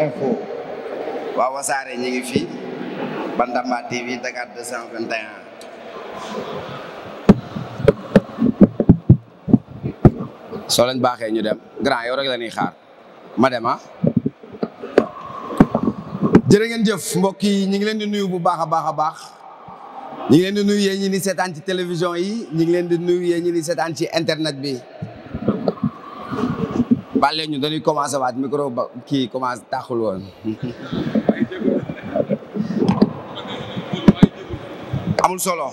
info waaw wasaare ñi ngi fii Bantamba TV Dakar 221 soo leen baaxee ñu dem grand yow rek la ñuy xaar ma dem ah jërë ngeen jëf mbokk yi ñu ngi di nuyu bu baax a baax a baax ñu ngi leen di nuyu yéen ñi ni seetaan ci télévision yi ñu ngi leen di nuyu yéen ñi ni seetaan ci internet bi bàllee ñu dañuy commencé waat micro ba ki commencé taxul woon. amul solo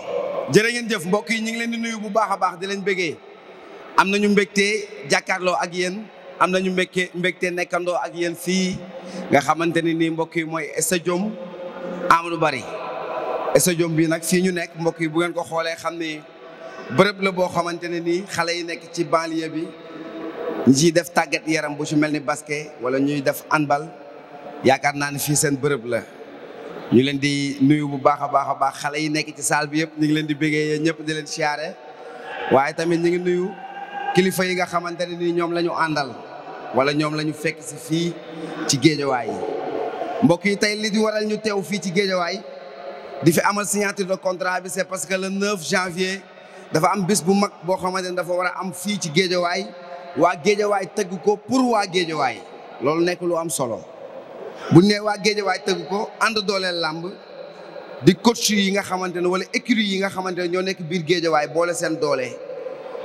jërë ngeen jëf mbokk yi ñu ngi leen di nuyu bu baax a baax di leen bëggee am nañu mbégte jàkkaarloo ak yéen am nañu mbégte mbégte nekkandoo ak yéen fii nga xamante ne nii mbokk yi mooy stade Amadou Barry stade bi nag fii ñu nekk mbokk yi bu ngeen ko xoolee xam ni bërëb la boo xamante ne nii xale yi nekk ci banlieue bi. ñi def tàggat yaram bu ci mel ni basket wala ñuy def handball yaakaar naa ne fii seen bërëb la ñu leen di nuyu bu baax a baax a baax xale yi nekk ci saal bi yëpp ñu leen di béggee ñëpp di leen siyaare waaye tamit ñu nuyu kilifa yi nga xamante ne nii ñoom la ñu àndal wala ñoom lañu ñu fekk si fii ci géejawaay yi yi tey li di waral ñu teew fii ci géejawaay di fi amal signature de contrat bi c'est parce que le 9 janvier dafa am bis bu mag boo xamante ne dafa war a am fii ci géejawaay waa géejawaay tëgg ko pour waa géejawaay loolu nekk lu am solo bu ñu nee waa géejawaay tëgg ko ànd dooleel làmb di coach yi nga xamante ne wala écurie yi nga xamante ne ñoo nekk biir géejawaay boole seen doole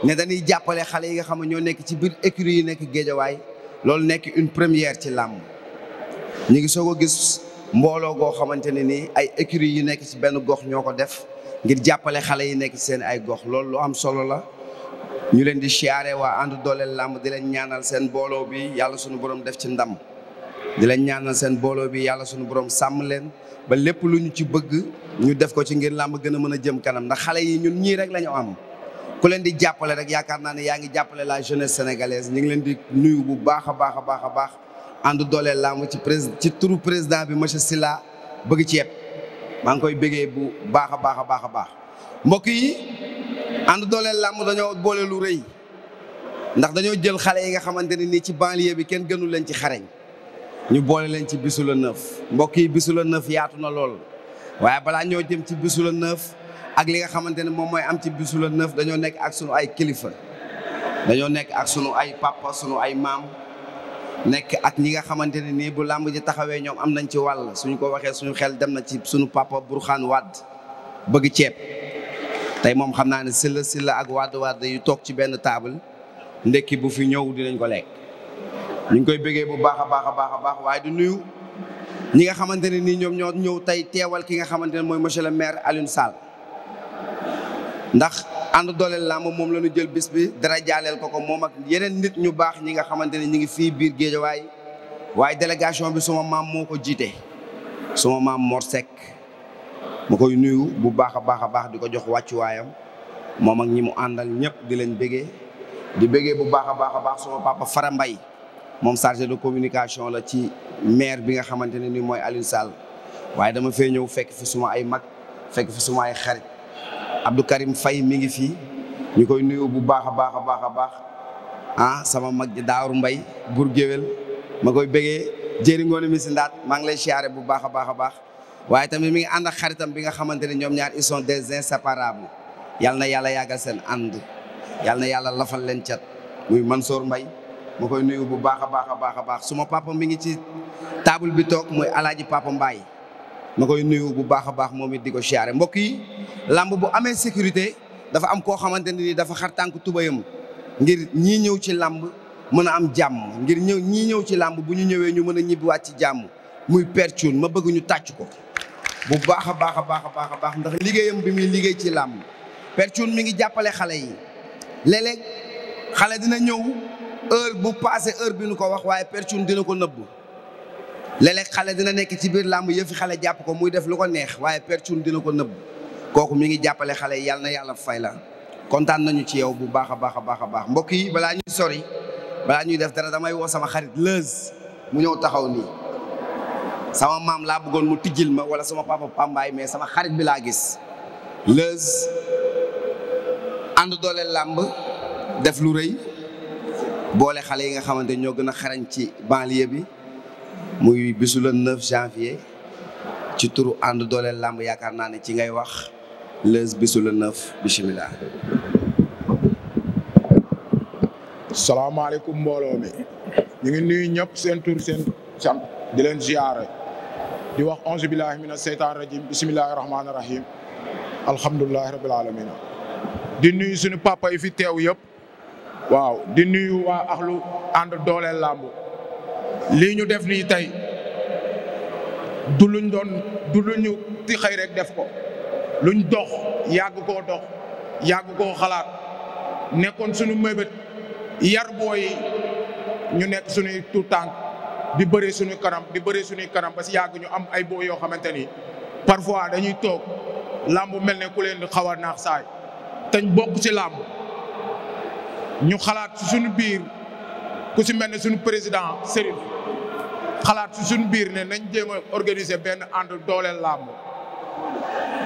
ne dañuy jàppale xale yi nga xam ñoo nekk ci biir écurie yi nekk géejawaay loolu nekk une première ci làmb ñu ngi soog a gis mbooloo goo xamante ne nii ay écurie yi nekk ci benn gox ñoo ko def ngir jàppale xale yi nekk ci seen ay gox loolu lu am solo la. ñu leen di siyaare waa ànd dooleel làmb di leen ñaanal seen booloo bi yàlla sunu borom def ci ndam di leen ñaanal seen booloo bi yàlla sunu borom sàmm leen ba lépp lu ñu ci bëgg ñu def ko ci ngir làmb gën a mën a jëm kanam ndax xale yi ñun ñii rek lañu am ku leen di jàppale rek yaakaar naa ne yaa ngi jàppale la jeunesse sénégalaise ñu ngi leen di nuyu bu baax a baax a baax a baax ànd dooleel làmb ci président ci turu président bi monsieur Sylla bëgg ceeb maa ngi koy bëggee bu baax a baax a baax a baax ànd dooleel làmb dañoo boole lu rëy ndax dañoo jël xale yi nga xamante ne nii ci banlieue bi kenn gënu leen ci xareñ ñu boole leen ci bisu la neuf mbokk yi bisu la neuf yaatu na lool waaye balaa ñoo jëm ci bisu la neuf ak li nga xamante moomooy moom mooy am ci bisu la dañoo nekk ak sunu ay kilifa dañoo nekk ak sunu ay papa sunu ay maam nekk ak ñi nga xamante ne nii bu làmb ji taxawee ñoom am nañ ci wàll suñ ko waxee suñu xel dem na ci sunu papa Burxaan Wade bëgg ceeb tey moom xam naa ne silla silla ak wadd waada yu toog ci benn table ndekki bu fi ñëw dinañ ko lekk ñu koy bëggee bu baax a baax a baax a baax waaye du nuyu ñi nga xamante ni nii ñoom ñoo ñëw tey teewal ki nga xamante ne mooy monsieur le maire Alioune saal ndax ànd dooleel làmb moom la ñu jël bis bi dara jaaleel ko ko moom ak yeneen nit ñu baax ñi nga xamante ne ñu ngi fii biir Géejawaay waaye délégation bi suma maam moo ko jiite suma maam Mor Seck ma koy nuyu bu baax a baax a baax di ko jox wàccuwaayam moom ak ñi mu àndal ñëpp di leen bégee di bégee bu baax a baax a baax sama papa Fara mbay moom chargé de communication la ci maire bi nga xamante ne ni mooy Alioune waaye dama fee ñëw fekk fi suma ay mag fekk fi suma ay xarit Abdou Karim fay mi ngi fii ñu koy nuyu bu baax a baax a baax a baax ah sama mag ji Daaru Mbay Bour Géwél ma koy bégee jëri ngoone mi si ndaat maa ngi lay siyaare bu baax a baax a baax waaye tamit mi ngi ànd xaritam bi nga xamante ne ñoom ñaar ils sont des inséparables yal na yàlla yàggal seen ànd yal na yàlla lafal leen cat muy Mansour mbay ma koy nuyu bu baax a baax a baax a baax suma papa mi ngi ci table bi toog muy alaaji papa Mbaye ma koy nuyu bu baax a baax moom it di ko siyaare mbokk yi làmb bu amee sécurité dafa am koo xamante ne ni dafa xar tànk tubayam ngir ñii ñëw ci làmb mën a am jàmm ngir ñëw ñii ñëw ci làmb bu ñu ñëwee ñu mën a ñibbiwaat ci jàmm muy percune ma bëgg ñu tàcc ko bu baax a baax a baax a baax a baax ndax liggéeyam bi muy liggéey ci làmb percun mu ngi jàppale xale yi léeg xale dina ñëw heure bu passé heure bi nu ko wax waaye percun dina ko nëb léeg-léeg xale dina nekk ci biir làmb yëfi xale jàpp ko muy def lu ko neex waaye percun dina ko nëbb kooku mu ngi jàppale xale yi yàlla na yàlla fay la kontaan nañu ci yow bu baax a baax a baax a baax mbokk yi balaa ñuy sori balaa ñuy def dara damay woo sama xarit lëz mu ñëw taxaw nii sama maam laa bëggoon mu tijjil ma wala sama papa pambaay mais sama xarit bi laa gis Leuz ànd doole làmb def lu rëy boole xale yi nga xamante ñoo gën a xarañ ci banlieue bi muy bisu le 9 janvier ci turu ànd doole làmb yaakaar naa ne ci ngay wax Leuz bisu le 9 bisimilah. salaamaaleykum mbooloo mi ñu ngi nuyu ñëpp seen tur seen sant di leen ziare. di wax onze billahi mina seytaan rajim bismillahi rahmaani rahim alhamdulilahi rabil alamina di nuyu sunu papa yi fi teew yëpp waaw di nuyu waa axlu ànd dooleel làmb lii ñu def nii tey du luñ doon du luñu ti xëy rek def ko luñ dox yàgg koo dox yàgg koo xalaat nekkoon sunu mébét yar booyi ñu nekk suñuy tout tànk di bëree suñu kanam di bëree suñuy kanam ba si yàgg ñu am ay boo yoo xamante ni parfois dañuy toog làmb mel ne ku leen di xaw a naax saay teñ bokk ci làmb ñu xalaat si suñu biir ku si mel ne suñu président Serigne xalaat si suñu biir ne nañ jéem a organiser benn ànd dooleel làmb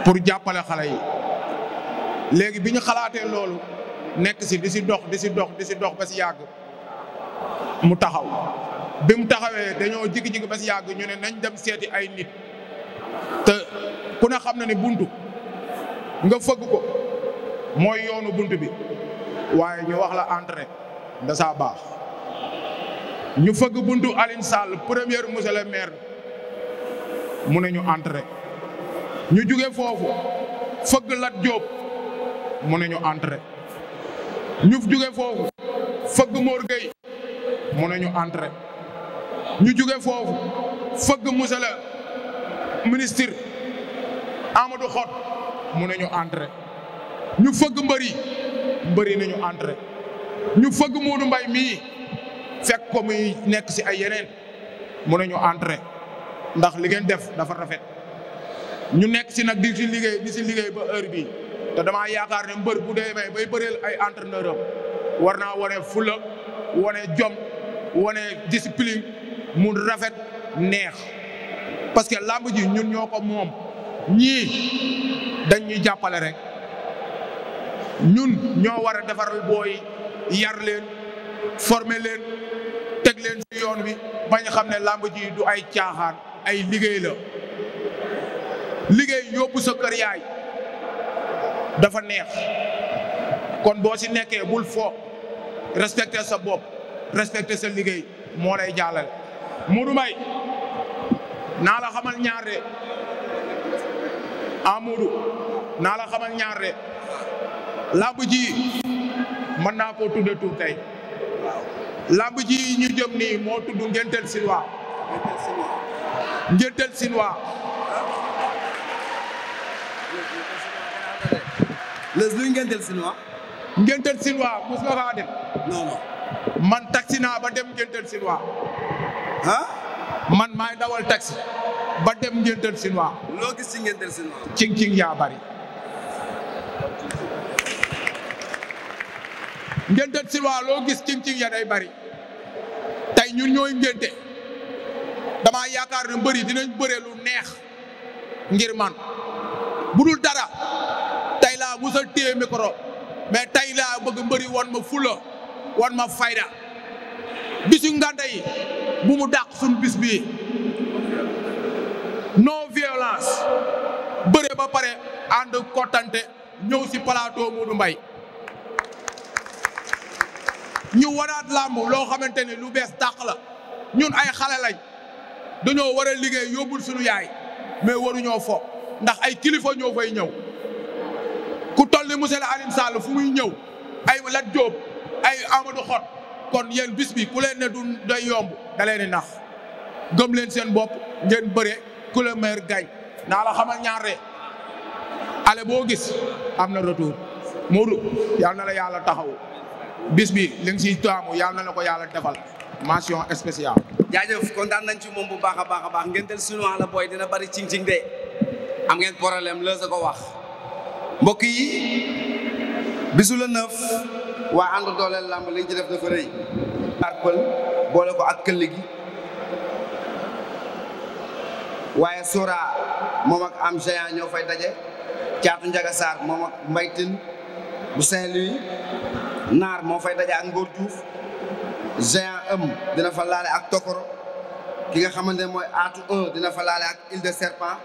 pour jàppale xale yi léegi bi ñu xalaatee loolu nekk si di si dox di si dox di si dox ba si yàgg mu taxaw bi mu taxawee dañoo jig jigi ba si yàgg ñu ne nañ dem seeti ay nit te ku ne xam na ne buntu nga fëgg ko mooy yoonu bunt bi waaye ñu wax la entrée da saa baax ñu fëgg buntu Alioune Sall premier monsieur le maire mu ne ñu entrée ñu juge foofu fëgg Lat Diop mu ne ñu entrée ñu jóge foofu fëgg Mor Gueye mu ne ñu entrée ñu jóge foofu fëgg monsieur le ministre Amadou Xot mu ne ñu entré ñu fëgg mbëri mbëri nañu entré ñu fëgg Modou mbay mi fekk ko muy nekk si ay yeneen mu ne ñu entré ndax li ngeen def dafa rafet ñu nekk si nag di si liggéey si liggéey ba heure bii te yaakaar ne mbër bu demee bay bëreel ay entraîneur am war naa wane fula wane jom wane discipline mu rafet neex parce que làmb ji ñun ñoo ko moom ñii dañ ñuy jàppale rek ñun ñoo war a defaral booy yar leen former leen leen ci yoon bi bañ xam ne làmb ji du ay caaxaan ay liggéey la liggéey yóbbu sa kër yaay dafa neex kon boo ci nekkee bul fo respecter sa bopp respecter sa liggéey moo lay jàllale Modou Mbaye naa la xamal ñaar de ah naa la xamal ñaar de làmb ji mën naa ko tudde tur tey làmb ji ñu jëm nii moo tudd ngéntel sinwaa ngéntel sinwaa les luy ngéntel sinwaa ngéntel sinwaa mos nga faa dem man taxi naa ba dem ngéntel sinwaa ah man maay dawal taxi ba dem ngéntal sinwaa loo gis ci ngéntal sinwaa cing-cing yaa bari ngéntal sinwaa loo gis cing-cing ya day bari tey ñun ñooy ngénte dama yaakaar ne mbëri dinañ bëre lu neex ngir man bu dul dara tey laa musa téye micro mais tey laa bëgg mbëri wan ma fula wan ma fayda bisu ngànte yi bu mu dàq suñ bis bii non violence bëre ba pare ànd kottante ñëw si plateau Modou Mbaye ñu waraat làmb loo xamante ni lu bees dàq la ñun ay xale lañ dañoo war a liggéey yóbbul suñu yaay mais waruñoo fo ndax ay kilifa ñoo fay ñëw ku toll ni monsieur le Alioune fu muy ñëw ay Lat Diop ay Amadou Xot kon yéen bis bi ku leen ne du day yomb da leen di nax gëm leen seen bopp ngeen bëre ku le maire gañ naa la xamal ñaar de ale boo gis am na retour Modou yal na la yàlla taxaw bis bi li nga siy taamu yal na la ko yàlla defal mention jaaja jaajëf kontaan nañ ci moom bu baax a baax a baax ngeen del suñu la booy dina bari cing-cing de am ngeen problème la sa ko wax mbokk yi bisu la waa ànd doole làmb li ñu ci def dafa rëy arpël boole ko ak këll gi waaye sura moom ak am géant ñoo fay daje caatu njaga saar moom ak mbaytin bu saint naar moo fay daje ak Ngor Diouf géant ëm dina fa laale ak tokoro ki nga xamante ne mooy aatu 1 dina fa laale ak île de serpent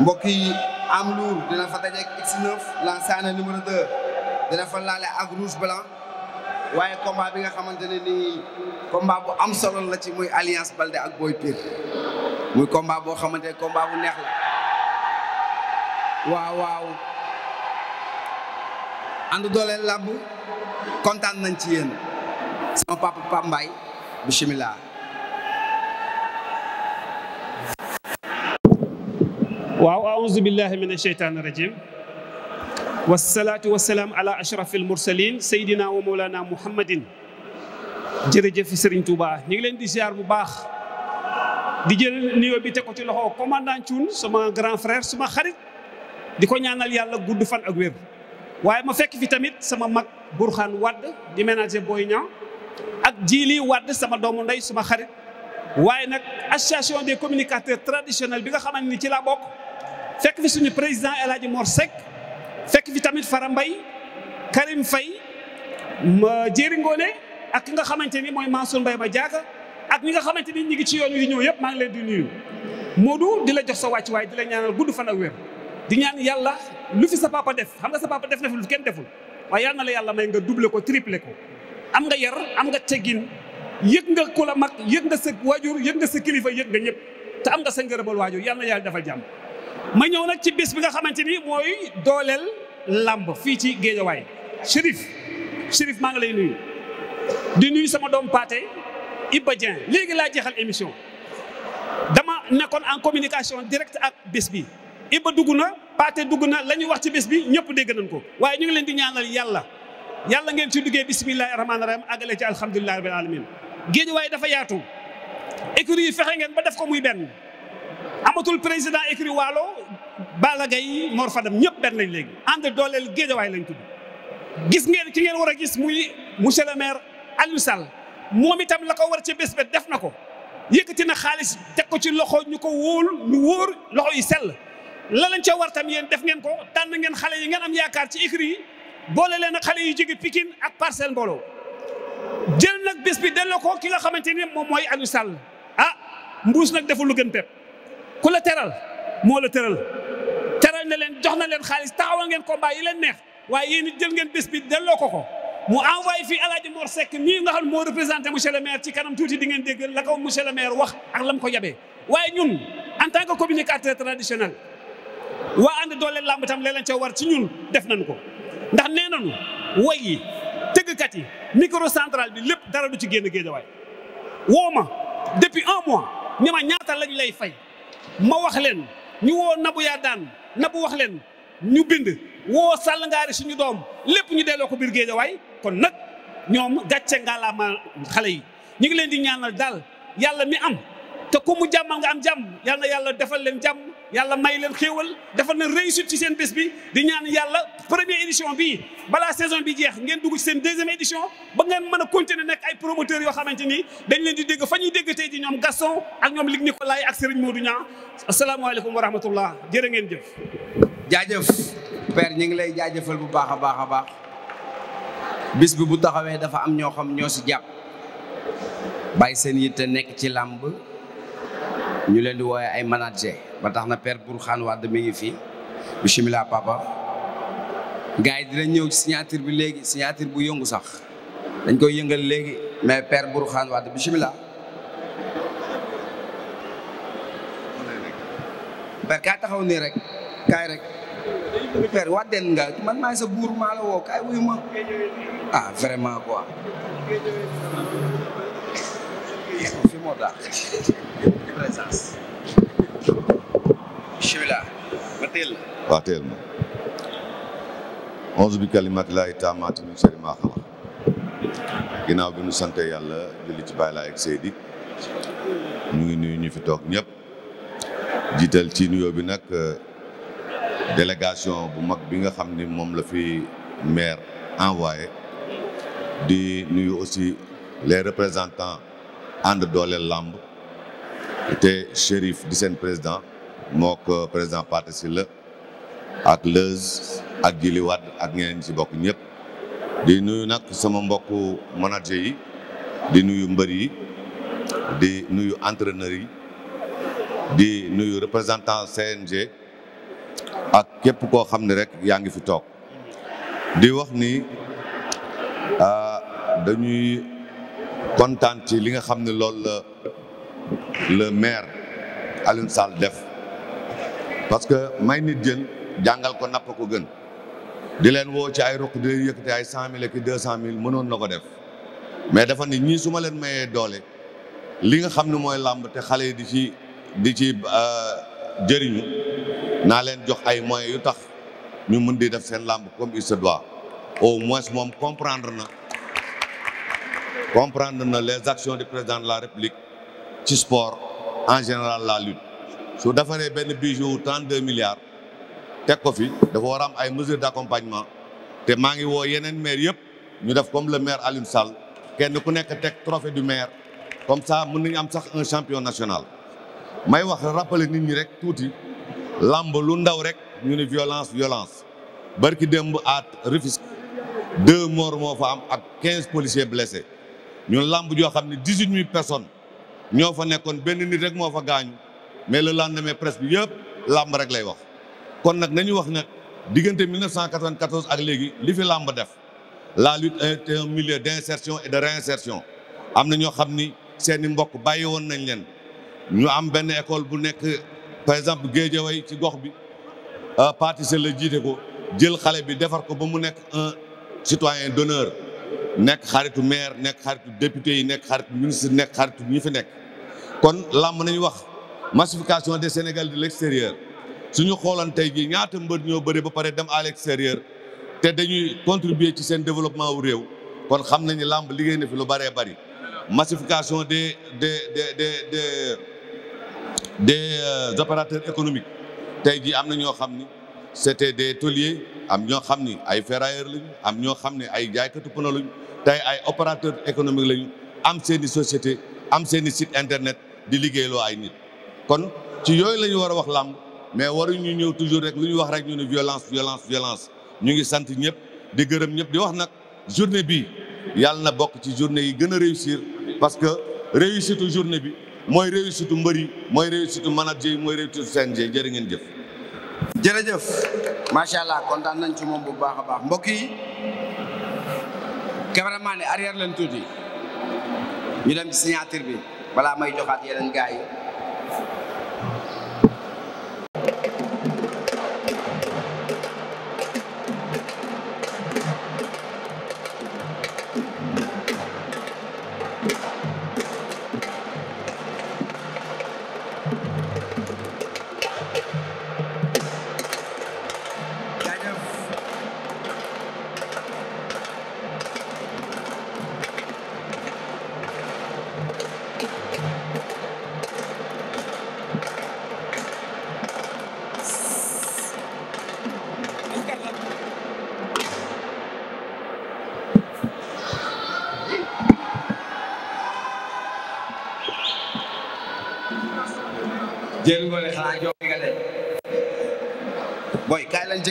mbokk yi am luur dina fa daje ak x9 lansaane numéro 2 dina fa laale ak rouge blanc waaye combat bi nga xamante ne nii combat bu am solo la ci muy alliance Balde ak Boy Pire muy combat boo xamante ne bu neex la waaw waaw ànd dooleel làmb kontaan nañ ci yéen sama papa Pape Mbaye bismillah waaw a'uuzu billahi mina sheytaani rajiim wasalaatu wasalaam ala ashraf al mursalin saydina wa mawlana muhammadin jërëjëf sëriñ Touba ñu ngi leen di ziar bu baax di jël nuyoo bi teg ko ci loxo commandant Thioune sama grand frère suma xarit di ko ñaanal yàlla gudd fan ak wér waaye ma fekk fi tamit sama mag Bourkhane Wade di ménager Boy Niang ak Djili Wade sama doomu ndey suma xarit waaye nag association des communicateurs traditionnels bi nga xamante ni ci laa bokk fekk fi suñu président El Hadji Mor fekk fi tamit Fara Mbay Karim Fay ma Jéeri Ngoone ak ki nga xamante ni mooy Mansour Mbay ma jaaga ak ñi nga xamante ni ñu ngi ci yoon wi di ñëw yëpp maa ngi leen di nuyu du di la jox sa wàccuwaay di la ñaanal gudd fan a wér di ñaan yàlla lu fi sa papa def xam nga sa papa def na fi lu kenn deful waaye yal la yàlla may nga duble ko triple ko am nga yar am nga teggin yëg nga ku la mag yëg nga sa waajur yëg nga sa kilifa yëg nga ñëpp te am nga sa ngërëbal waajur yal yàlla defal jàmm ma ñëw nag ci bis bi nga xamante ni mooy dooleel làmb fii ci géejawaay Chérif Chérif maa ngi lay nuyu di nuyu sama doom paate Iba Dieng léegi laa jeexal émission dama nekkoon en communication directe ak bés bi Iba dugg na paate dugg na la ñuy wax ci bi ñëpp dégg nañ ko waaye ñu ngi leen di ñaanal yàlla yàlla ngeen ci duggee bisimillahi rahmaani rahim àggale ci alhamdulilahi rabbil alamin géejawaay dafa yaatu écurie yi fexe ngeen ba def ko muy benn amatul président écrit waalo Balla Gaye Mor Fadam ñëpp benn lañ léegi ànd dooleel géejawaay lañ tudd gis ngeen ki ngeen war a gis muy monsieur le maire Aliou Sall moom itam la ko war ci bés def na ko yëkkati na xaalis teg ko ci loxo ñu ko wóol ñu wóor loxo yi sell la lañ ca war tam yéen def ngeen ko tànn ngeen xale yi ngeen am yaakaar ci écrit yi boole leen ak xale yi jóge Pikine ak Parcelles mbooloo jël nag bés bi delloo ko ki nga xamante ni moom mooy Aliou Sall ah mbuus nag deful lu gën ku la teral moo la teral teral na leen jox na leen xaalis taxawal ngeen combat yi leen neex waaye yéen it jël ngeen bés bi delloo ko ko mu envoyé fi El Hadj sekk Seck nga xam moo représenté monsieur le maire ci kanam tuuti di ngeen dégg la ko monsieur le maire wax ak lam ko yabee waaye ñun en tant que communicateur traditionnel waa ànd doole lamb tam leen ca war ci ñun def nañ ko ndax nee nañu woy yi tëggkat yi micro central bi lépp dara du ci génn géejawaay woo ma depuis un mois ni ma lañ lay fay. ma wax leen ñu woo nabu yaa daan nabu wax leen ñu bind woo sàll ngaari suñu doom lépp ñu delloo ko biir géejawaay kon nag ñoom gàcce ngaalaama xale yi ñu ngi leen di ñaanal daal yàlla mi am te ku mu jàmmal nga am jàmm yàlla na yàlla defal leen jàmm yàlla may leen xéewal defal na réussite ci seen bés bi di ñaan yàlla première édition bi balaa saison bi jeex ngeen dugg ci seen deuxième édition ba ngeen mën a continuer nekk ay promoteurs yoo xamante ni dañ leen di dégg fa ñuy dégg tey ji ñoom Gaston ak ñoom Luc Nicolaï ak Serigne Modou Niang asalaamaaleykum wa rahmatullah jëre ngeen jëf. jaajëf père ñu ngi lay jaajëfal bu baax a baax a baax bis bu taxawee dafa am ñoo xam ñoo si jàpp bàyyi seen yitte nekk ci làmb ñu leen di woowee ay manager. ba tax na père Bourkhane Wade mi ngi fii bisimilah papa gars yi dinañ ñëw ci signature bi léegi signature bu yëngu sax dañ koy yëngal léegi mais père Bourkhane Wade bisimilah père kaay taxaw nii rek kaay rek père waddeen nga man maay sa buur maa la woo kaay wuyu ma ah vraiment quoi bismillah ma teel la waaw teel ma onze bi kalimaati laay taamaati min sharri maa xalaq ginnaaw bi ñu sante yàlla julli ci Baay Laay ak Seydi ñu ngi nuyu ñu fi toog ñëpp jiital ci nuyoo bi nag euh, délégation bu mag bi nga xam ni moom la fi maire envoyé di nuyu aussi les représentants ànd dooleel làmb te Chérif di seen président mook ko président Pathé Sylla ak Leuz ak Djili Wade ak ñeneen ci bokk ñëpp di nuyu nag sama mbokku manager yi di nuyu mbër yi di nuyu entraîneur yi di nuyu représentant CNG ak képp koo xam ne rek yaa ngi fi toog di wax ni ah, dañuy kontaan ci li nga xam ne loolu la le maire Alioune Sall def parce que may nit jën jàngal ko napp ko gën di leen woo ci ay ruq di leen yëkkati ay cent mille ak deux cent mille mënoon na ko def mais dafa ni ñii su leen mayee doole li nga xam ne mooy làmb te xale yi di ci di ci euh, jëriñu naa leen jox ay moyens yu tax ñu mun di def seen làmb comme il se doit au moins moom comprendre na comprendre na les actions du président de la République ci sport en général la lutte su defaree benn budget wu trente deux milliards teg ko fi dafa war am ay mesures d'accompagnement te maa ngi woo yeneen maire yëpp ñu def comme le maire Alioune Sall kenn ku nekk teg trophée du maire comme ça mën nañu am sax un champion national may wax rappeler nit ñi rek tuuti lamb lu ndaw rek ñu ne violence violence barki démb à Rufisque deux morts moo fa am ak quinze policiers blessés ñun lamb joo xam ne dix-huit mille personnes ñoo fa nekkoon benn nit rek moo fa gaañu mais le lendemain presse bi yëpp làmb rek lay wax. kon nag nañu wax nag diggante 1994 ak léegi li fi làmb def la lutte est un milieu d'insertion et de réinsertion am na ñoo xam ni seeni mbokk bàyyi woon nañ leen ñu am benn école bu nekk par exemple way ci gox bi euh, pâtissier la jiite ko jël xale bi defar ko ba mu nekk un citoyen d'honneur nekk xaritu maire nekk xaritu député yi nekk xaritu ministre nekk xaritu ñu fi nekk kon làmb nañu wax massification des Sénégalais de l'extérieur ñu xoolan tey jii ñaata mbër ñoo bëri ba pare dem à l'extérieur te dañuy contribuer ci seen développement wu réew kon xam nañu làmb liggéey na fi lu bëree bëri massification de de des des des des euh, opérateurs économiques tey jii am na ñoo xam ni c'était des tôliers am ñoo xam ni ay ferrailleurs lañu am ñoo xam ne ay jaaykatu lu lañu tey ay opérateurs économiques lañu am seen société am seen i site internet di liggéeyloo ay nit kon ci yooyu la ñu war a wax làmb mais waruñu ñëw toujours rek lu ñu wax rek ñu ne violence violence violence ñu ngi sant ñëpp di gërëm ñëpp di wax nag journée bi yàlla na bokk ci journée yi gën a réussir parce que réussite journée bi mooy réussite mbër yi mooy réussite manager yi mooy réussite CNG jërë ngeen jëf. jërëjëf macha allah kontaan nañ ci moom bu baax a baax mbokk yi cameraman ne arrière leen tuuti ñu leen ci bi walaa may joxaat yeneen gars yi.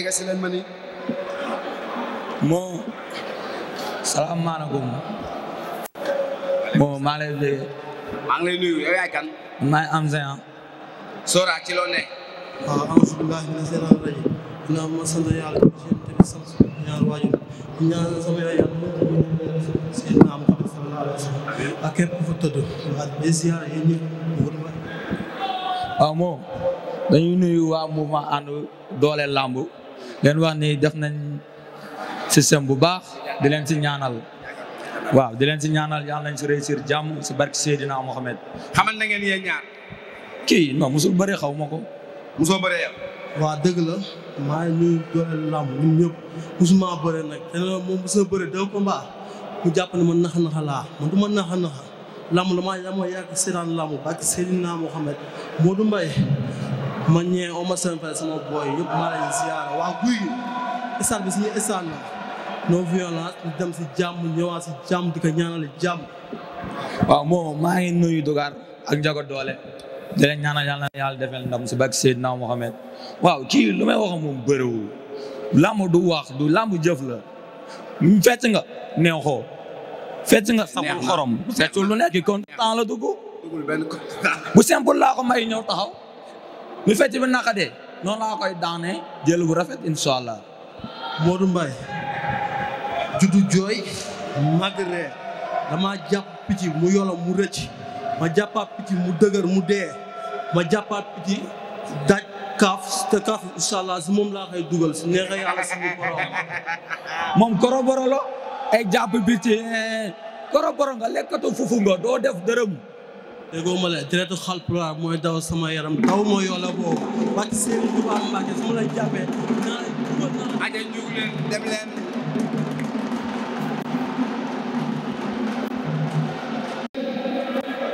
jege si leen ma nii. moo. salaamaaleykum. bon maa lay nuyu. maa ngi lay nuyu yow yaay kan. maa ngi am seen. Sora ci loo ne. waaw ma sant dañuy nuyu waa mouvement doole làmb leen wax ni def nañ système bu baax di leen si ñaanal waaw di leen si ñaanal yàlla nañ si réussir jàmm si barke Seydina Mohamed. xamal na ngeen yéen ñaar. kii non musul bëree xaw ma ko. musoo bëree yow. waaw dëgg la maa ngi nuyu doole làmb ñun ñëpp musuma bëre nag te ne moom musuma bëre deux combats mu jàpp ne ma naxa naxa laa man du ma naxa naxa làmb la maa yàgg seetaan làmb barke Seydina Mohamed Modou Mbaye ma ñee oma seen fay sama booy yëpp maa leen ziyaara waa guy stade bi suñu stade la non violence ñu dem si jàmm ñëwaat si jàmm di ko ñaanal jàmm waaw moom maa ngi nuyu Dugar ak Njago Doole di leen ñaanal yàlla na yàlla defal ndam si bak Seydina Mohamed waaw kii lu may wax moom bëriwul làmb du wax du làmb jëf la nga neexoo fecc nga saful xorom fecc lu nekk kontaan la dugg bu may ñëw taxaw mi fecc bi naqadee noonu laa koy daanee jël bu rafet incha allah. Modou Mbaye juddu jooy magre dama picc mu yolo mu rëcc ma jàppaat picc mu dëgër mu dee ma jàppaat picc daj kaaf te kaaf moom laa koy dugal si neexe yàlla suñu borom moom koroboro la ay jàpp picc eh, koroboro nga lekkatu fufu nga doo def dërëm déggoo ma la deretu Haalpulaar mooy daw sama yaram daw ma yoola boobu Barke Serigne Touba Mbacké su ma la jàppee naa la dugal naa aja ñu leen dem leen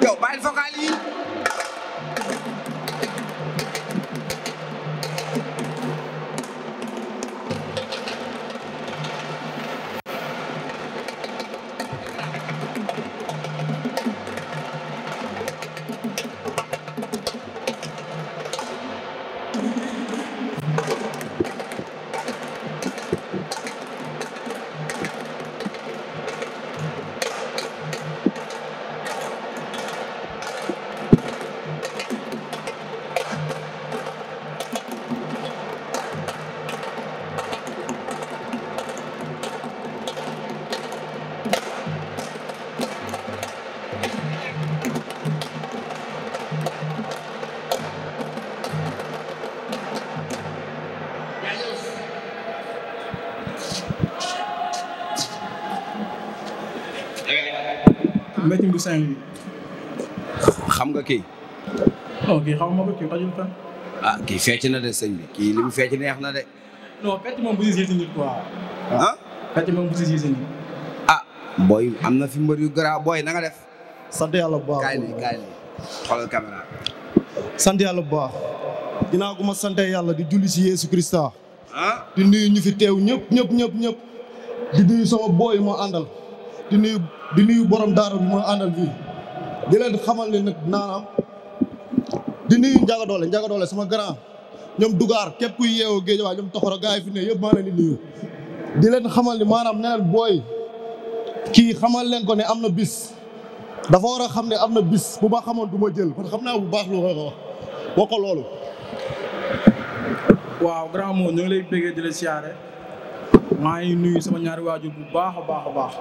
yow bàyyi focal yi Saint-Louis. xam nga kii. non kii xaw ma ah, kii fecc na de sëñ bi kii li mu fecc neex na de. non fecc moom bu si siy si nit quoi. ah booy ah, am na fi mbër yu garaaw booy na nga def. sant yàlla bu baax kaay li kaay li xoolal caméra. sant yàlla bu baax. ginnaaw gu ma sant yàlla di julli si Yeesu Krista. Ah? di nuyu ñu fi teew ñëpp ñëp ñëp ñëpp. di nuyu sama booy moo àndal. di nuyu di nuyu borom daara bi ma àndal fii di leen xamal ne nag di nuyu Ndiaga Dollé Ndiaga Dollé sama grand ñoom dugaar képp kuy yeewoo géej waa ñoom toxoro gars yi fi ne yëpp maa leen di nuyu di leen xamal ni maanaam neneen booy kii xamal leen ko ne am na bis dafa war a xam ne am na bis bu ma xamoon du ma jël parce xam naa bu baax lu ko wax loolu waaw grand moo ñu ngi lay bëggee di la siyaare maa ngi nuyu sama ñaari waajur bu baax a baax a baax